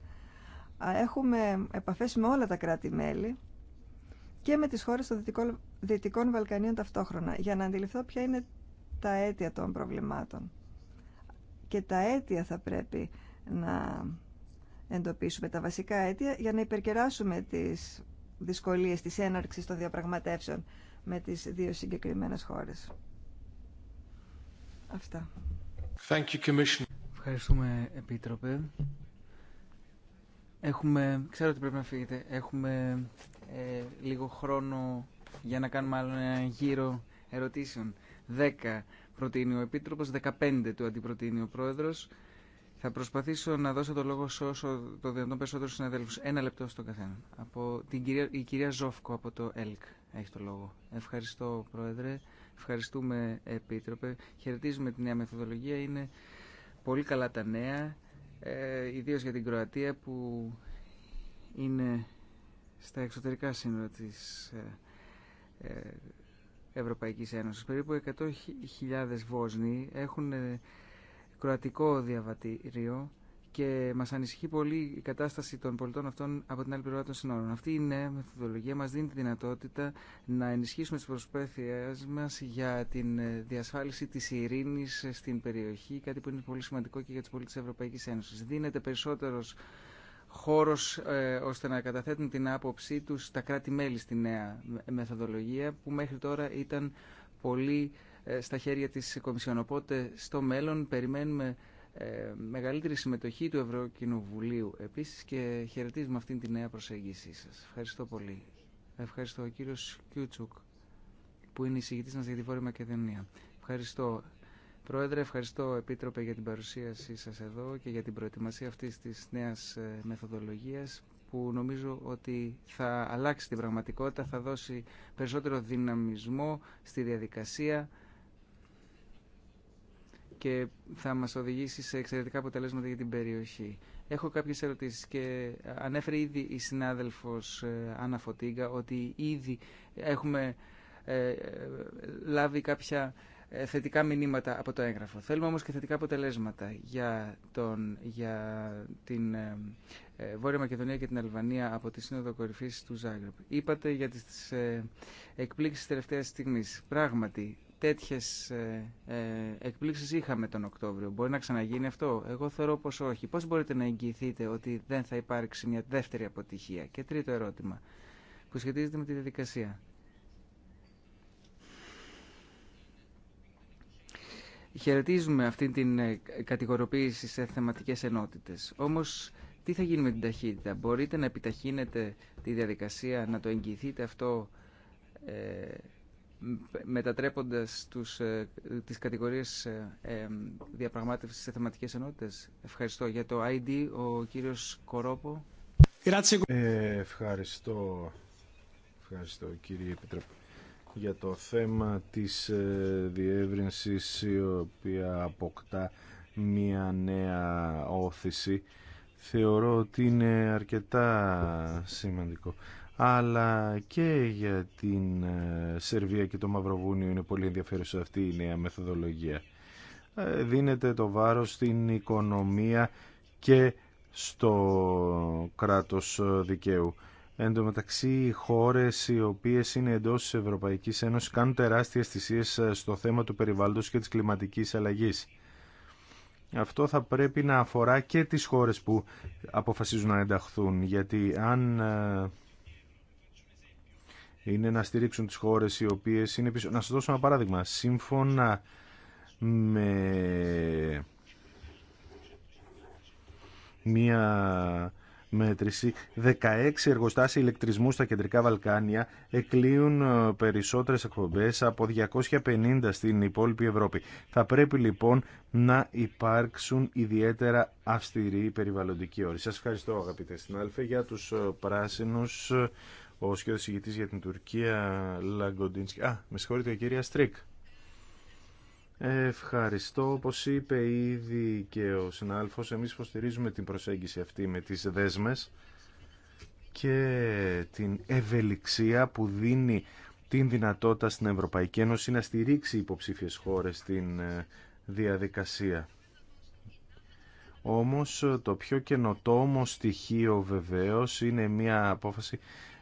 Έχουμε επαφές με όλα τα κράτη-μέλη και με τις χώρες των Δυτικών Βαλκανίων ταυτόχρονα, για να αντιληφθώ ποια είναι τα αίτια των προβλημάτων. Και τα αίτια θα πρέπει να εντοπίσουμε, τα βασικά αίτια, για να υπερκεράσουμε τις δυσκολίες της έναρξης των διαπραγματεύσεων με τις δύο συγκεκριμένες χώρες. Αυτά. Ευχαριστούμε, Επίτροπε. Έχουμε, ξέρω ότι πρέπει να φύγετε, έχουμε ε, λίγο χρόνο για να κάνουμε άλλο ένα γύρο ερωτήσεων. 10 προτείνει ο Επίτροπος, 15 του αντιπροτείνει ο Πρόεδρος. Θα προσπαθήσω να δώσω το λόγο σε όσο το δυνατόν περισσότερου συναδέλφου. Ένα λεπτό στον καθένα. Από την κυρία, η κυρία Ζόφκο από το ΕΛΚ έχει το λόγο. Ευχαριστώ, Πρόεδρε. Ευχαριστούμε, Επίτροπε. Χαιρετίζουμε τη νέα μεθοδολογία. Είναι πολύ καλά τα νέα, ε, ιδίω για την Κροατία που είναι στα εξωτερικά σύνορα τη ε, ε, Ευρωπαϊκής Ένωσης. Περίπου 100.000 Βόσνοι έχουν ε, κροατικό διαβατήριο και μα ανησυχεί πολύ η κατάσταση των πολιτών αυτών από την άλλη πλευρά των συνόρων. Αυτή η νέα μεθοδολογία μα δίνει τη δυνατότητα να ενισχύσουμε τι προσπάθειέ μα για την διασφάλιση τη ειρήνη στην περιοχή, κάτι που είναι πολύ σημαντικό και για του πολίτε τη Ευρωπαϊκή Ένωση. Δίνεται περισσότερο χώρο ε, ώστε να καταθέτουν την άποψή του τα κράτη-μέλη στη νέα μεθοδολογία, που μέχρι τώρα ήταν πολύ ε, στα χέρια της Κομισιόν. Οπότε στο μέλλον περιμένουμε ε, μεγαλύτερη συμμετοχή του Ευρωκοινοβουλίου επίσης και χαιρετίζουμε αυτήν τη νέα προσέγγιση σας. Ευχαριστώ πολύ. Ευχαριστώ ο κύριος Κιούτσουκ που είναι εισηγητής μας για τη Βόρεια Μακεδονία. Ευχαριστώ. Πρόεδρε, ευχαριστώ Επίτροπε για την παρουσίασή σας εδώ και για την προετοιμασία αυτής της νέας ε, μεθοδολογίας που νομίζω ότι θα αλλάξει την πραγματικότητα, θα δώσει περισσότερο δυναμισμό στη διαδικασία και θα μας οδηγήσει σε εξαιρετικά αποτελέσματα για την περιοχή. Έχω κάποιες ερωτήσεις και ε, ανέφερε ήδη η συνάδελφος ε, Άννα Φωτίγκα ότι ήδη έχουμε ε, λάβει κάποια θετικά μηνύματα από το έγγραφο. Θέλουμε όμως και θετικά αποτελέσματα για, τον, για την Βόρεια Μακεδονία και την Αλβανία από τη Σύνοδο Κορυφής του Ζάγκρεπ. Είπατε για τις ε, εκπλήξεις τελευταίας στιγμής. Πράγματι, τέτοιες ε, ε, εκπλήξεις είχαμε τον Οκτώβριο. Μπορεί να ξαναγίνει αυτό. Εγώ θεωρώ πως όχι. Πώς μπορείτε να εγγυηθείτε ότι δεν θα υπάρξει μια δεύτερη αποτυχία. Και τρίτο ερώτημα που σχετίζεται με τη διαδικασία. Χαιρετίζουμε αυτή την ε, κατηγοροποίηση σε θεματικές ενότητες. Όμως τι θα γίνει με την ταχύτητα. Μπορείτε να επιταχύνετε τη διαδικασία, να το εγγυηθείτε αυτό ε, μετατρέποντας τους, ε, τις κατηγορίες ε, ε, διαπραγμάτευσης σε θεματικές ενότητες. Ευχαριστώ. Για το ID ο κύριος Κορόπο. ευχαριστώ. Ευχαριστώ κύριε Επιτρέπο. για το θέμα της διεύρυνσης η οποία αποκτά μία νέα όθηση θεωρώ ότι είναι αρκετά σημαντικό αλλά και για την ε, Σερβία και το Μαυροβούνιο είναι πολύ ενδιαφέρουσα αυτή η νέα μεθοδολογία. Ε, δίνεται το βάρος στην οικονομία και στο κράτος δικαίου. Εν τω μεταξύ, οι χώρες οι οποίες είναι εντός της Ευρωπαϊκής Ένωσης κάνουν τεράστιες θυσίες ε, στο θέμα του περιβάλλοντος και της κλιματικής αλλαγής. Αυτό θα πρέπει να αφορά και τις χώρες που αποφασίζουν να ενταχθούν, γιατί αν είναι να στηρίξουν τις χώρες οι οποίες είναι πίσω. Να σας δώσω ένα παράδειγμα. Σύμφωνα με μία μέτρηση, 16 εργοστάσια ηλεκτρισμού στα κεντρικά Βαλκάνια εκλείουν ε, περισσότερες εκπομπές από 250 στην υπόλοιπη Ευρώπη. Θα πρέπει λοιπόν να υπάρξουν ιδιαίτερα αυστηροί περιβαλλοντικοί όροι. Σας ευχαριστώ αγαπητέ Αλφε για τους ε, πράσινους ε, ο σχεδόν ηγητής για την Τουρκία Λαγκοντίνσκι. Α, με συγχωρείτε, κυρία Στρίκ. Ευχαριστώ. Όπω είπε ήδη και ο συναλφός εμείς υποστηρίζουμε την προσέγγιση αυτή με τις δέσμες και την ευελιξία που δίνει την δυνατότητα στην Ευρωπαϊκή Ένωση να στηρίξει υποψήφιες χώρες την ε, διαδικασία. Όμως το πιο καινοτόμο στοιχείο βεβαίως είναι μια απόφαση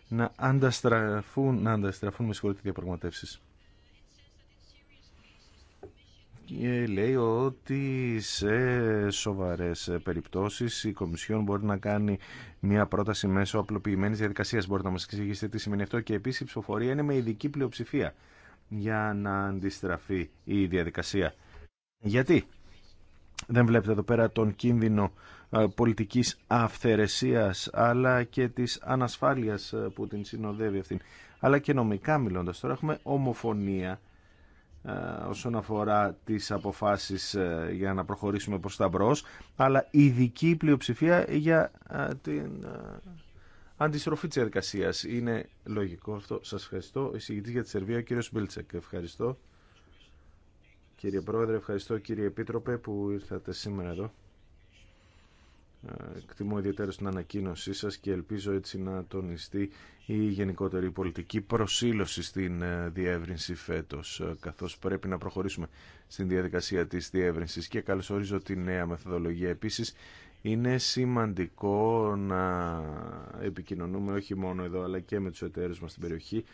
να ανταστραφούν, να ανταστραφούν με συγχωρείτε διαπραγματεύσεις. Και λέει ότι σε σοβαρές περιπτώσεις η Κομισιόν μπορεί να κάνει μια πρόταση μέσω απλοποιημένης διαδικασίας. Μπορείτε να μας εξηγήσετε τι σημαίνει αυτό και επίσης η ψηφοφορία είναι με ειδική πλειοψηφία για να αντιστραφεί η διαδικασία. Γιατί δεν βλέπετε εδώ πέρα τον κίνδυνο ε, πολιτικής αυθαιρεσίας αλλά και της ανασφάλειας ε, που την συνοδεύει αυτήν. Αλλά και νομικά μιλώντας τώρα έχουμε ομοφωνία ε, όσον αφορά τις αποφάσεις για να προχωρήσουμε προς τα μπρος, αλλά ειδική πλειοψηφία για την αντιστροφή της εργασίας. Είναι λογικό αυτό. Σας ευχαριστώ. Εισηγητής για τη Σερβία, κύριος Μπίλτσεκ. Ευχαριστώ. Κύριε Πρόεδρε, ευχαριστώ κύριε Επίτροπε που ήρθατε σήμερα εδώ. Ε, εκτιμώ ιδιαίτερα στην ανακοίνωσή σας και ελπίζω έτσι να τονιστεί η γενικότερη πολιτική προσήλωση στην ε, διεύρυνση φέτος, ε, καθώς πρέπει να προχωρήσουμε στην διαδικασία της διεύρυνσης και καλωσορίζω τη νέα μεθοδολογία. Επίσης, είναι σημαντικό να επικοινωνούμε όχι μόνο εδώ αλλά και με τους εταίρους μας στην περιοχή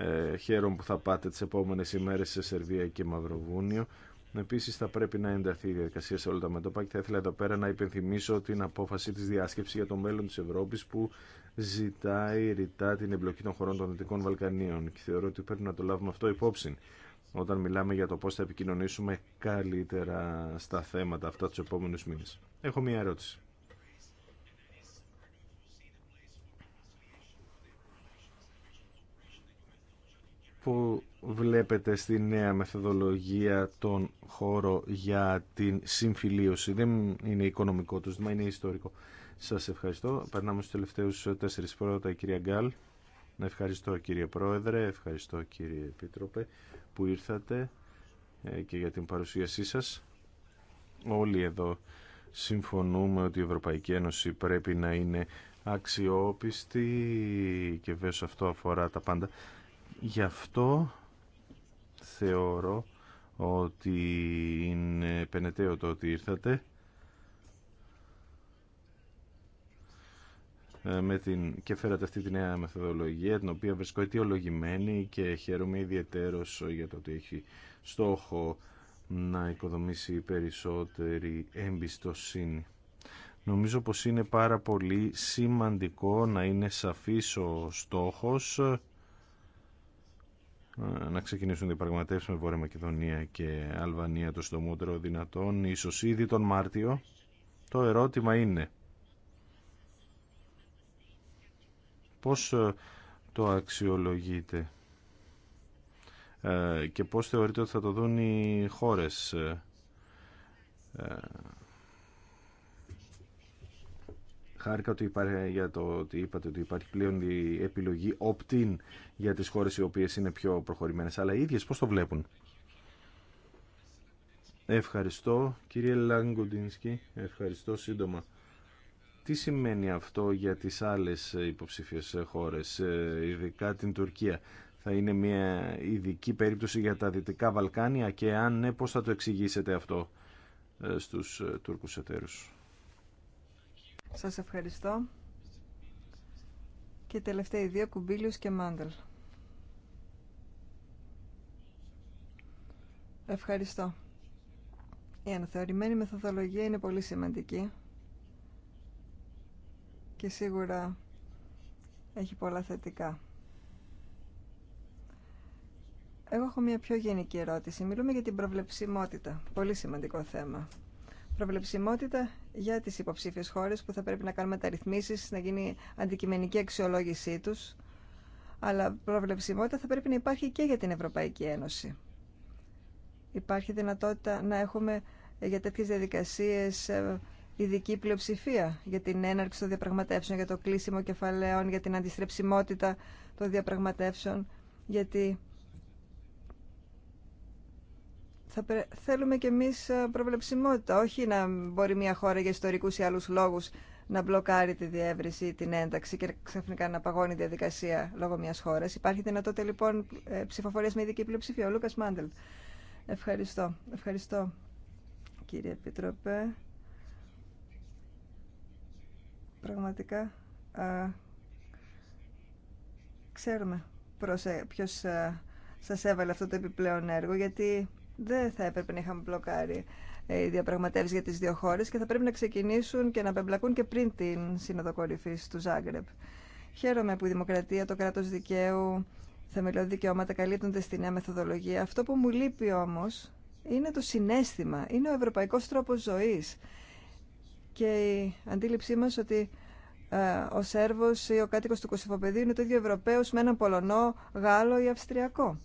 ε, χαίρομαι που θα πάτε τις επόμενες ημέρες σε Σερβία και Μαυροβούνιο. Επίσης θα πρέπει να ενταθεί η διαδικασία σε όλα τα μέτωπα και θα ήθελα εδώ πέρα να υπενθυμίσω την απόφαση της διάσκεψης για το μέλλον της Ευρώπης που ζητάει ρητά την εμπλοκή των χωρών των Δυτικών Βαλκανίων και θεωρώ ότι πρέπει να το λάβουμε αυτό υπόψη όταν μιλάμε για το πώς θα επικοινωνήσουμε καλύτερα στα θέματα αυτά του επόμενου μήνε. Έχω μία ερώτηση. που βλέπετε στη νέα μεθοδολογία τον χώρο για την συμφιλίωση. Δεν είναι οικονομικό το ζήτημα, είναι ιστορικό. Σας ευχαριστώ. Περνάμε στους τελευταίους τέσσερις πρώτα, η κυρία Γκάλ. Ευχαριστώ κύριε Πρόεδρε, ευχαριστώ κύριε Επίτροπε που ήρθατε ε, και για την παρουσίασή σας. Όλοι εδώ συμφωνούμε ότι η Ευρωπαϊκή Ένωση πρέπει να είναι αξιόπιστη και βέβαια αυτό αφορά τα πάντα Γι' αυτό θεωρώ ότι είναι πενεταίο το ότι ήρθατε ε, με την, και φέρατε αυτή τη νέα μεθοδολογία την οποία βρισκώ αιτιολογημένη και χαίρομαι ιδιαίτερος για το ότι έχει στόχο να οικοδομήσει περισσότερη εμπιστοσύνη. Νομίζω πως είναι πάρα πολύ σημαντικό να είναι σαφής ο στόχος να ξεκινήσουν διαπραγματεύσει με Βόρεια Μακεδονία και Αλβανία το συντομότερο δυνατόν, ίσως ήδη τον Μάρτιο. Το ερώτημα είναι πώς ε, το αξιολογείτε ε, και πώς θεωρείτε ότι θα το δουν οι χώρες ε, Χάρηκα ότι για το ότι είπατε ότι υπάρχει πλέον η επιλογή opt-in για τις χώρες οι οποίες είναι πιο προχωρημένες. Αλλά οι ίδιες πώς το βλέπουν. Ευχαριστώ κύριε Λαγκοντίνσκι. Ευχαριστώ σύντομα. Τι σημαίνει αυτό για τις άλλες υποψήφιες χώρες, ε, ειδικά την Τουρκία. Θα είναι μια ειδική περίπτωση για τα Δυτικά Βαλκάνια και αν ναι πώς θα το εξηγήσετε αυτό ε, στους ε, Τούρκους εταίρους. Σας ευχαριστώ. Και τελευταίοι δύο, Κουμπίλιος και Μάντελ. Ευχαριστώ. Η αναθεωρημένη μεθοδολογία είναι πολύ σημαντική και σίγουρα έχει πολλά θετικά. Εγώ έχω μια πιο γενική ερώτηση. Μιλούμε για την προβλεψιμότητα. Πολύ σημαντικό θέμα προβλεψιμότητα για τις υποψήφιες χώρες που θα πρέπει να κάνουμε ρυθμίσεις να γίνει αντικειμενική αξιολόγησή τους, αλλά προβλεψιμότητα θα πρέπει να υπάρχει και για την Ευρωπαϊκή Ένωση. Υπάρχει δυνατότητα να έχουμε ε, για τέτοιες διαδικασίες ε, ειδική πλειοψηφία για την έναρξη των διαπραγματεύσεων, για το κλείσιμο κεφαλαίων, για την αντιστρεψιμότητα των διαπραγματεύσεων, γιατί θα θέλουμε κι εμείς ε, προβλεψιμότητα, όχι να μπορεί μια χώρα για ιστορικούς ή άλλους λόγους να μπλοκάρει τη διεύρυνση ή την ένταξη και ξαφνικά να παγώνει η διαδικασία λόγω μιας χώρας. Υπάρχει δυνατότητα λοιπόν ε, ψηφοφορίας με ειδική πλειοψηφία. Ο Λούκας Μάντελ. Ευχαριστώ. Ευχαριστώ κύριε Επίτροπε. Πραγματικά α, ξέρουμε προς, ε, ποιος σας έβαλε αυτό το επιπλέον έργο γιατί δεν θα έπρεπε να είχαμε μπλοκάρει ε, οι διαπραγματεύσει για τι δύο χώρε και θα πρέπει να ξεκινήσουν και να απεμπλακούν και πριν την Σύνοδο Κορυφή του Ζάγκρεπ. Χαίρομαι που η δημοκρατία, το κράτο δικαίου, θεμελιώδη δικαιώματα καλύπτονται στη νέα μεθοδολογία. Αυτό που μου λείπει όμω είναι το συνέστημα, είναι ο ευρωπαϊκό τρόπο ζωή και η αντίληψή μα ότι ε, ο Σέρβο ή ο κάτοικο του Κωσυφοπεδίου είναι το ίδιο Ευρωπαίο με έναν Πολωνό, Γάλλο ή Αυστριακό.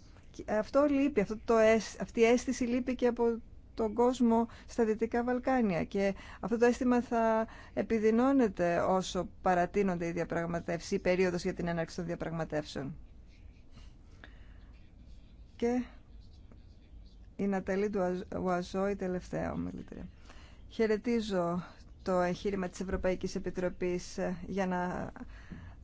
Αυτό λείπει, αυτό το, αυτή η αίσθηση λείπει και από τον κόσμο στα Δυτικά Βαλκάνια και αυτό το αίσθημα θα επιδεινώνεται όσο παρατείνονται οι διαπραγματεύσεις, η περίοδος για την έναρξη των διαπραγματεύσεων. Και η Ναταλή του Ουαζό, η τελευταία ομιλήτρια. Χαιρετίζω το εγχείρημα της Ευρωπαϊκής Επιτροπής ε, για να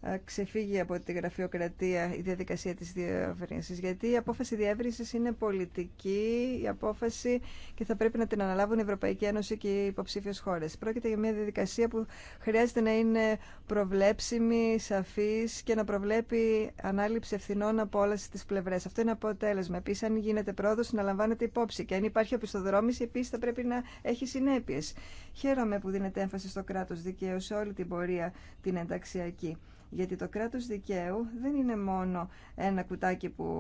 ε, ξεφύγει από τη γραφειοκρατία η διαδικασία της διεύρυνσης γιατί η απόφαση διεύρυνσης είναι πολιτική η απόφαση και θα πρέπει να την αναλάβουν η Ευρωπαϊκή Ένωση και οι υποψήφιες χώρες. Πρόκειται για μια διαδικασία που χρειάζεται να είναι προβλέψιμη, σαφής και να προβλέπει ανάληψη ευθυνών από όλε τι πλευρέ. Αυτό είναι αποτέλεσμα. Επίση, αν γίνεται πρόοδο, να λαμβάνεται υπόψη. Και αν υπάρχει οπισθοδρόμηση, επίση θα πρέπει να έχει συνέπειε. Χαίρομαι που δίνεται έμφαση στο κράτο δικαίου σε όλη την πορεία την ενταξιακή. Γιατί το κράτος δικαίου δεν είναι μόνο ένα κουτάκι που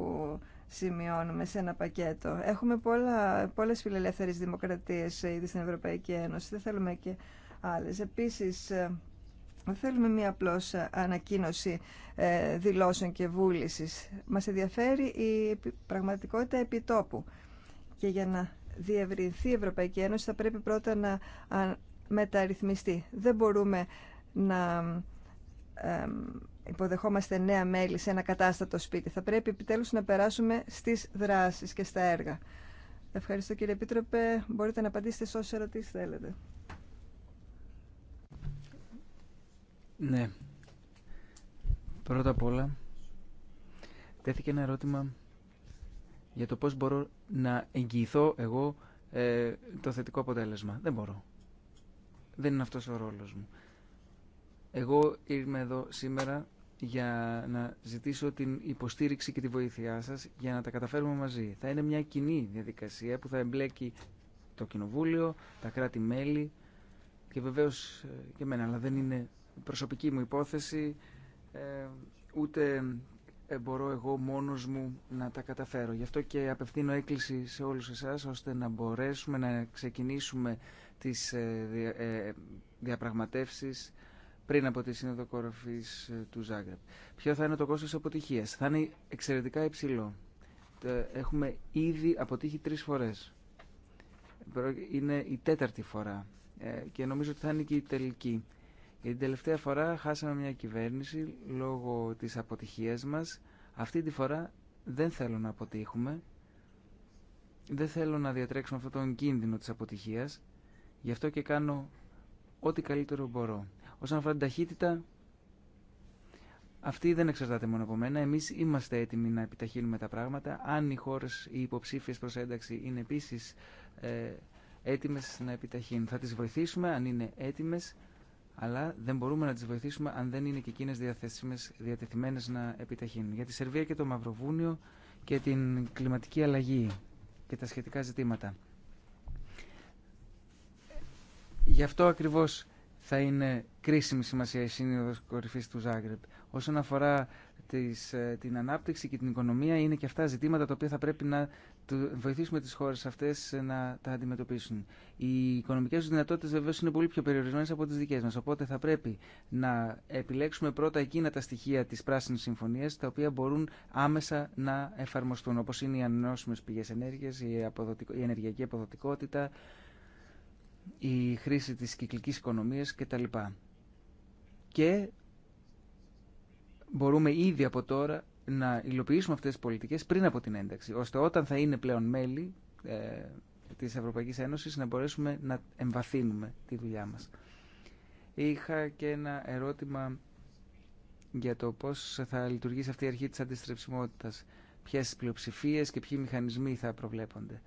σημειώνουμε σε ένα πακέτο. Έχουμε πολλά, πολλές φιλελεύθερες δημοκρατίες ε, ήδη στην Ευρωπαϊκή Ένωση. Δεν θέλουμε και άλλες. Επίσης, ε, δεν θέλουμε μία απλώς ε, ανακοίνωση δηλώσεων και βούλησης. Μας ενδιαφέρει η πραγματικότητα επιτόπου. Και για να διευρυνθεί η Ευρωπαϊκή Ένωση θα πρέπει πρώτα να μεταρρυθμιστεί. Δεν μπορούμε να υποδεχόμαστε νέα μέλη σε ένα κατάστατο σπίτι. Θα πρέπει επιτέλους να περάσουμε στις δράσεις και στα έργα. Ευχαριστώ κύριε Επίτροπε. Μπορείτε να απαντήσετε σε όσες ερωτήσεις θέλετε. Ναι. Πρώτα απ' όλα, τέθηκε ένα ερώτημα για το πώς μπορώ να εγγυηθώ εγώ ε, το θετικό αποτέλεσμα. Δεν μπορώ. Δεν είναι αυτός ο ρόλος μου. Εγώ ήρθα εδώ σήμερα για να ζητήσω την υποστήριξη και τη βοήθειά σας για να τα καταφέρουμε μαζί. Θα είναι μια κοινή διαδικασία που θα εμπλέκει το Κοινοβούλιο, τα κράτη-μέλη και βεβαίως ε, και εμένα, αλλά δεν είναι προσωπική μου υπόθεση, ε, ούτε ε, μπορώ εγώ μόνος μου να τα καταφέρω. Γι' αυτό και απευθύνω έκκληση σε όλους εσάς, ώστε να μπορέσουμε να ξεκινήσουμε τις διαπραγματεύσεις πριν από τη Σύνοδο Κορυφή ε, του Ζάγκρεπ. Ποιο θα είναι το κόστο αποτυχία. Θα είναι εξαιρετικά υψηλό. Ε, έχουμε ήδη αποτύχει τρει φορέ. Είναι η τέταρτη φορά ε, και νομίζω ότι θα είναι και η τελική. Για την τελευταία φορά χάσαμε μια κυβέρνηση λόγω της αποτυχία μας. Αυτή τη φορά δεν θέλω να αποτύχουμε. Δεν θέλω να διατρέξουμε αυτόν τον κίνδυνο της αποτυχίας. Γι' αυτό και κάνω ό,τι καλύτερο μπορώ. Όσον αφορά την ταχύτητα, αυτή δεν εξαρτάται μόνο από μένα. Εμεί είμαστε έτοιμοι να επιταχύνουμε τα πράγματα. Αν οι χώρε οι υποψήφιες προς ένταξη είναι επίση ε, έτοιμες να επιταχύνουν. Θα τι βοηθήσουμε αν είναι έτοιμε, αλλά δεν μπορούμε να τι βοηθήσουμε αν δεν είναι και εκείνες διατεθειμένε να επιταχύνουν. Για τη Σερβία και το Μαυροβούνιο και την κλιματική αλλαγή και τα σχετικά ζητήματα. Γι' αυτό ακριβώς θα είναι κρίσιμη σημασία η σύνοδος κορυφής του Ζάγκρεπ. Όσον αφορά της, ε, την ανάπτυξη και την οικονομία είναι και αυτά ζητήματα τα οποία θα πρέπει να βοηθήσουμε τις χώρες αυτές ε, να τα αντιμετωπίσουν. Οι οικονομικές δυνατότητες βεβαίως είναι πολύ πιο περιορισμένες από τις δικές μας, οπότε θα πρέπει να επιλέξουμε πρώτα εκείνα τα στοιχεία της Πράσινης Συμφωνίας τα οποία μπορούν άμεσα να εφαρμοστούν, όπως είναι οι ανανεώσιμες πηγές ενέργειας, η, αποδοτικο... ενεργειακή αποδοτικότητα, η χρήση της κυκλικής οικονομίας κτλ και μπορούμε ήδη από τώρα να υλοποιήσουμε αυτές τις πολιτικές πριν από την ένταξη, ώστε όταν θα είναι πλέον μέλη ε, της Ευρωπαϊκής Ένωσης να μπορέσουμε να εμβαθύνουμε τη δουλειά μας. Είχα και ένα ερώτημα για το πώς θα λειτουργήσει αυτή η αρχή της αντιστρεψιμότητας. Ποιες πλειοψηφίες και ποιοι μηχανισμοί θα προβλέπονται.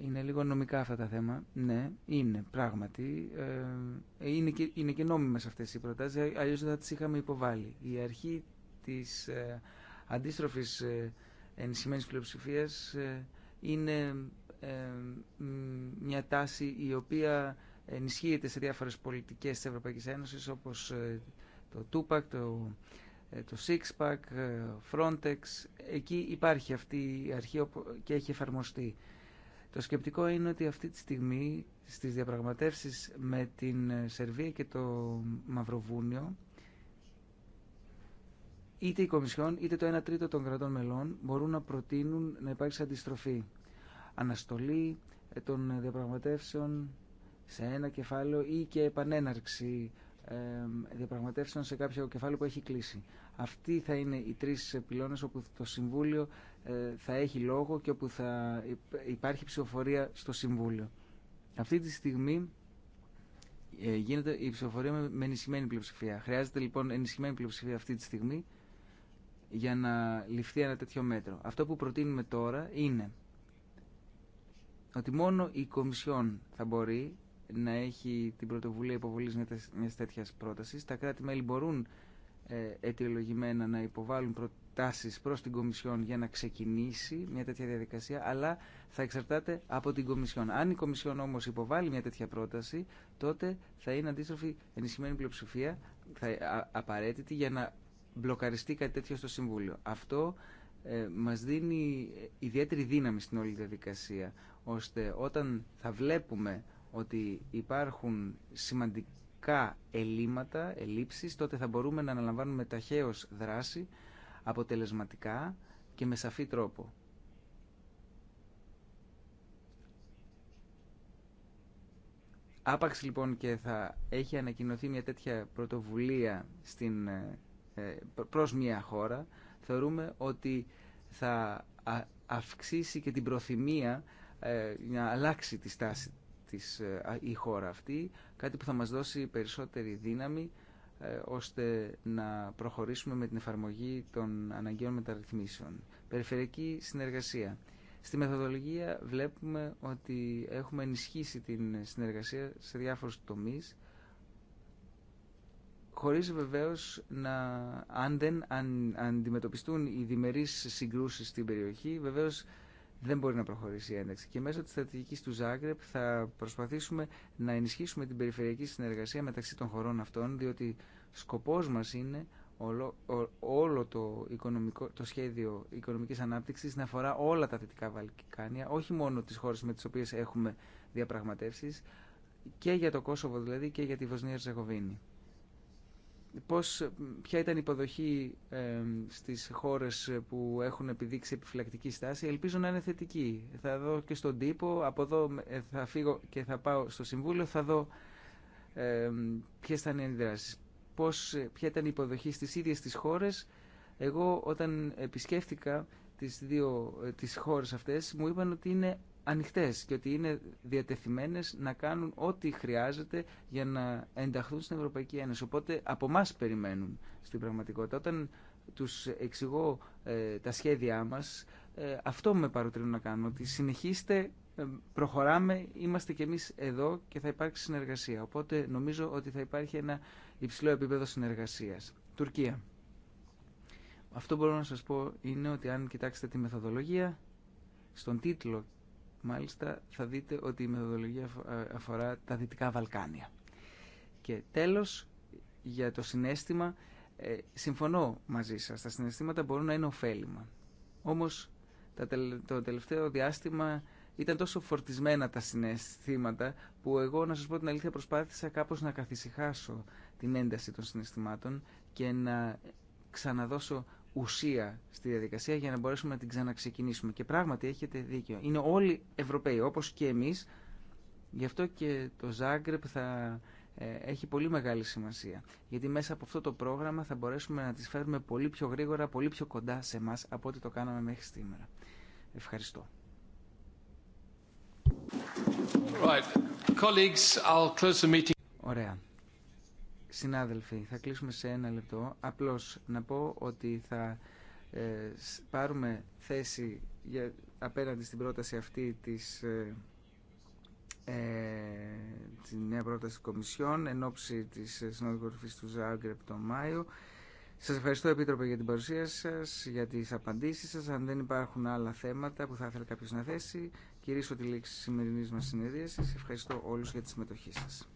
Είναι λίγο νομικά αυτά τα θέματα. Ναι, είναι πράγματι. Ε, είναι, και, είναι και νόμιμες αυτές οι προτάσεις, ε, αλλιώς δεν θα τις είχαμε υποβάλει. Η αρχή της ε, αντίστροφης ε, ενισχυμένης πλειοψηφίας ε, είναι ε, μια τάση η οποία ενισχύεται σε διάφορες πολιτικές της Ευρωπαϊκής Ένωσης όπως ε, το TUPAC, το, το Sixpack, Frontex. Εκεί υπάρχει αυτή η αρχή και έχει εφαρμοστεί. Το σκεπτικό είναι ότι αυτή τη στιγμή στις διαπραγματεύσεις με την Σερβία και το Μαυροβούνιο είτε οι Κομισιόν είτε το 1 τρίτο των κρατών μελών μπορούν να προτείνουν να υπάρξει αντιστροφή. Αναστολή ε, των διαπραγματεύσεων σε ένα κεφάλαιο ή και επανέναρξη διαπραγματεύσεων σε κάποιο κεφάλαιο που έχει κλείσει. Αυτοί θα είναι οι τρεις πυλώνες όπου το Συμβούλιο ε, θα έχει λόγο και όπου θα υπάρχει ψηφοφορία στο Συμβούλιο. Αυτή τη στιγμή ε, γίνεται η ψηφοφορία με ενισχυμένη πλειοψηφία. Χρειάζεται λοιπόν ενισχυμένη πλειοψηφία αυτή τη στιγμή για να ληφθεί ένα τέτοιο μέτρο. Αυτό που προτείνουμε τώρα είναι ότι μόνο η Κομισιόν θα μπορεί να έχει την πρωτοβουλία υποβολή μια τέτοια πρόταση. Τα κράτη-μέλη μπορούν ε, αιτιολογημένα να υποβάλουν προτάσεις προς την Κομισιόν για να ξεκινήσει μια τέτοια διαδικασία, αλλά θα εξαρτάται από την Κομισιόν. Αν η Κομισιόν όμως υποβάλει μια τέτοια πρόταση, τότε θα είναι αντίστροφη ενισχυμένη πλειοψηφία θα απαραίτητη για να μπλοκαριστεί κάτι τέτοιο στο Συμβούλιο. Αυτό ε, μας δίνει ιδιαίτερη δύναμη στην όλη διαδικασία, ώστε όταν θα βλέπουμε ότι υπάρχουν σημαντικά ελλείμματα, ελλείψεις, τότε θα μπορούμε να αναλαμβάνουμε ταχαίως δράση αποτελεσματικά και με σαφή τρόπο. Άπαξ λοιπόν και θα έχει ανακοινωθεί μια τέτοια πρωτοβουλία στην, ε, ε, προς μια χώρα, θεωρούμε ότι θα αυξήσει και την προθυμία ε, να αλλάξει τη στάση της, η χώρα αυτή, κάτι που θα μας δώσει περισσότερη δύναμη ε, ώστε να προχωρήσουμε με την εφαρμογή των αναγκαίων μεταρρυθμίσεων. Περιφερειακή συνεργασία. Στη μεθοδολογία βλέπουμε ότι έχουμε ενισχύσει την συνεργασία σε διάφορους τομείς, χωρίς βεβαίως να, αν δεν αν, αντιμετωπιστούν οι διμερείς συγκρούσεις στην περιοχή, βεβαίως δεν μπορεί να προχωρήσει η ένταξη. Και μέσω τη στρατηγική του Ζάγκρεπ θα προσπαθήσουμε να ενισχύσουμε την περιφερειακή συνεργασία μεταξύ των χωρών αυτών, διότι σκοπός μας είναι όλο, το, οικονομικό, το σχέδιο οικονομικής ανάπτυξης να αφορά όλα τα Δυτικά Βαλκάνια, όχι μόνο τις χώρες με τις οποίε έχουμε διαπραγματεύσει, και για το Κόσοβο δηλαδή και για τη Βοσνία Ζεγοβίνη πώς, ποια ήταν η υποδοχή ε, στις χώρες που έχουν επιδείξει επιφυλακτική στάση. Ελπίζω να είναι θετική. Θα δω και στον τύπο, από εδώ ε, θα φύγω και θα πάω στο Συμβούλιο, θα δω ε, ποιες θα είναι οι αντιδράσεις. Πώς, ποια ήταν η υποδοχή στις ίδιες τις χώρες. Εγώ όταν επισκέφτηκα τις, δύο, ε, τις χώρες αυτές μου είπαν ότι είναι ανοιχτές και ότι είναι διατεθειμένες να κάνουν ό,τι χρειάζεται για να ενταχθούν στην Ευρωπαϊκή Ένωση. Οπότε από εμά περιμένουν στην πραγματικότητα. Όταν τους εξηγώ ε, τα σχέδιά μας, ε, αυτό με παροτρύνουν να κάνω. ότι συνεχίστε, ε, προχωράμε, είμαστε κι εμείς εδώ και θα υπάρξει συνεργασία. Οπότε νομίζω ότι θα υπάρχει ένα υψηλό επίπεδο συνεργασίας. Τουρκία. Αυτό μπορώ να σας πω είναι ότι αν κοιτάξετε τη μεθοδολογία, στον τίτλο Μάλιστα θα δείτε ότι η μεθοδολογία αφορά τα Δυτικά Βαλκάνια. Και τέλος, για το συνέστημα, ε, συμφωνώ μαζί σας, τα συναισθήματα μπορούν να είναι ωφέλιμα. Όμως το τελευταίο διάστημα ήταν τόσο φορτισμένα τα συναισθήματα που εγώ να σας πω την αλήθεια προσπάθησα κάπως να καθησυχάσω την ένταση των συναισθημάτων και να ξαναδώσω ουσία στη διαδικασία για να μπορέσουμε να την ξαναξεκινήσουμε. Και πράγματι έχετε δίκιο. Είναι όλοι Ευρωπαίοι, όπως και εμείς. Γι' αυτό και το Ζάγκρεπ θα ε, έχει πολύ μεγάλη σημασία. Γιατί μέσα από αυτό το πρόγραμμα θα μπορέσουμε να τις φέρουμε πολύ πιο γρήγορα, πολύ πιο κοντά σε εμά από ό,τι το κάναμε μέχρι σήμερα. Ευχαριστώ. Ωραία. Συνάδελφοι, θα κλείσουμε σε ένα λεπτό. Απλώς να πω ότι θα ε, πάρουμε θέση για, απέναντι στην πρόταση αυτή της, ε, ε, τη νέα πρόταση της Κομισιόν εν ώψη της ε, συνόδου του Ζάγκρεπ τον Μάιο. Σας ευχαριστώ Επίτροπε για την παρουσία σας, για τις απαντήσεις σας. Αν δεν υπάρχουν άλλα θέματα που θα ήθελε κάποιος να θέσει, κηρύσω τη λήξη της σημερινής μας συνεδρίασης. Ευχαριστώ όλους για τη συμμετοχή σας.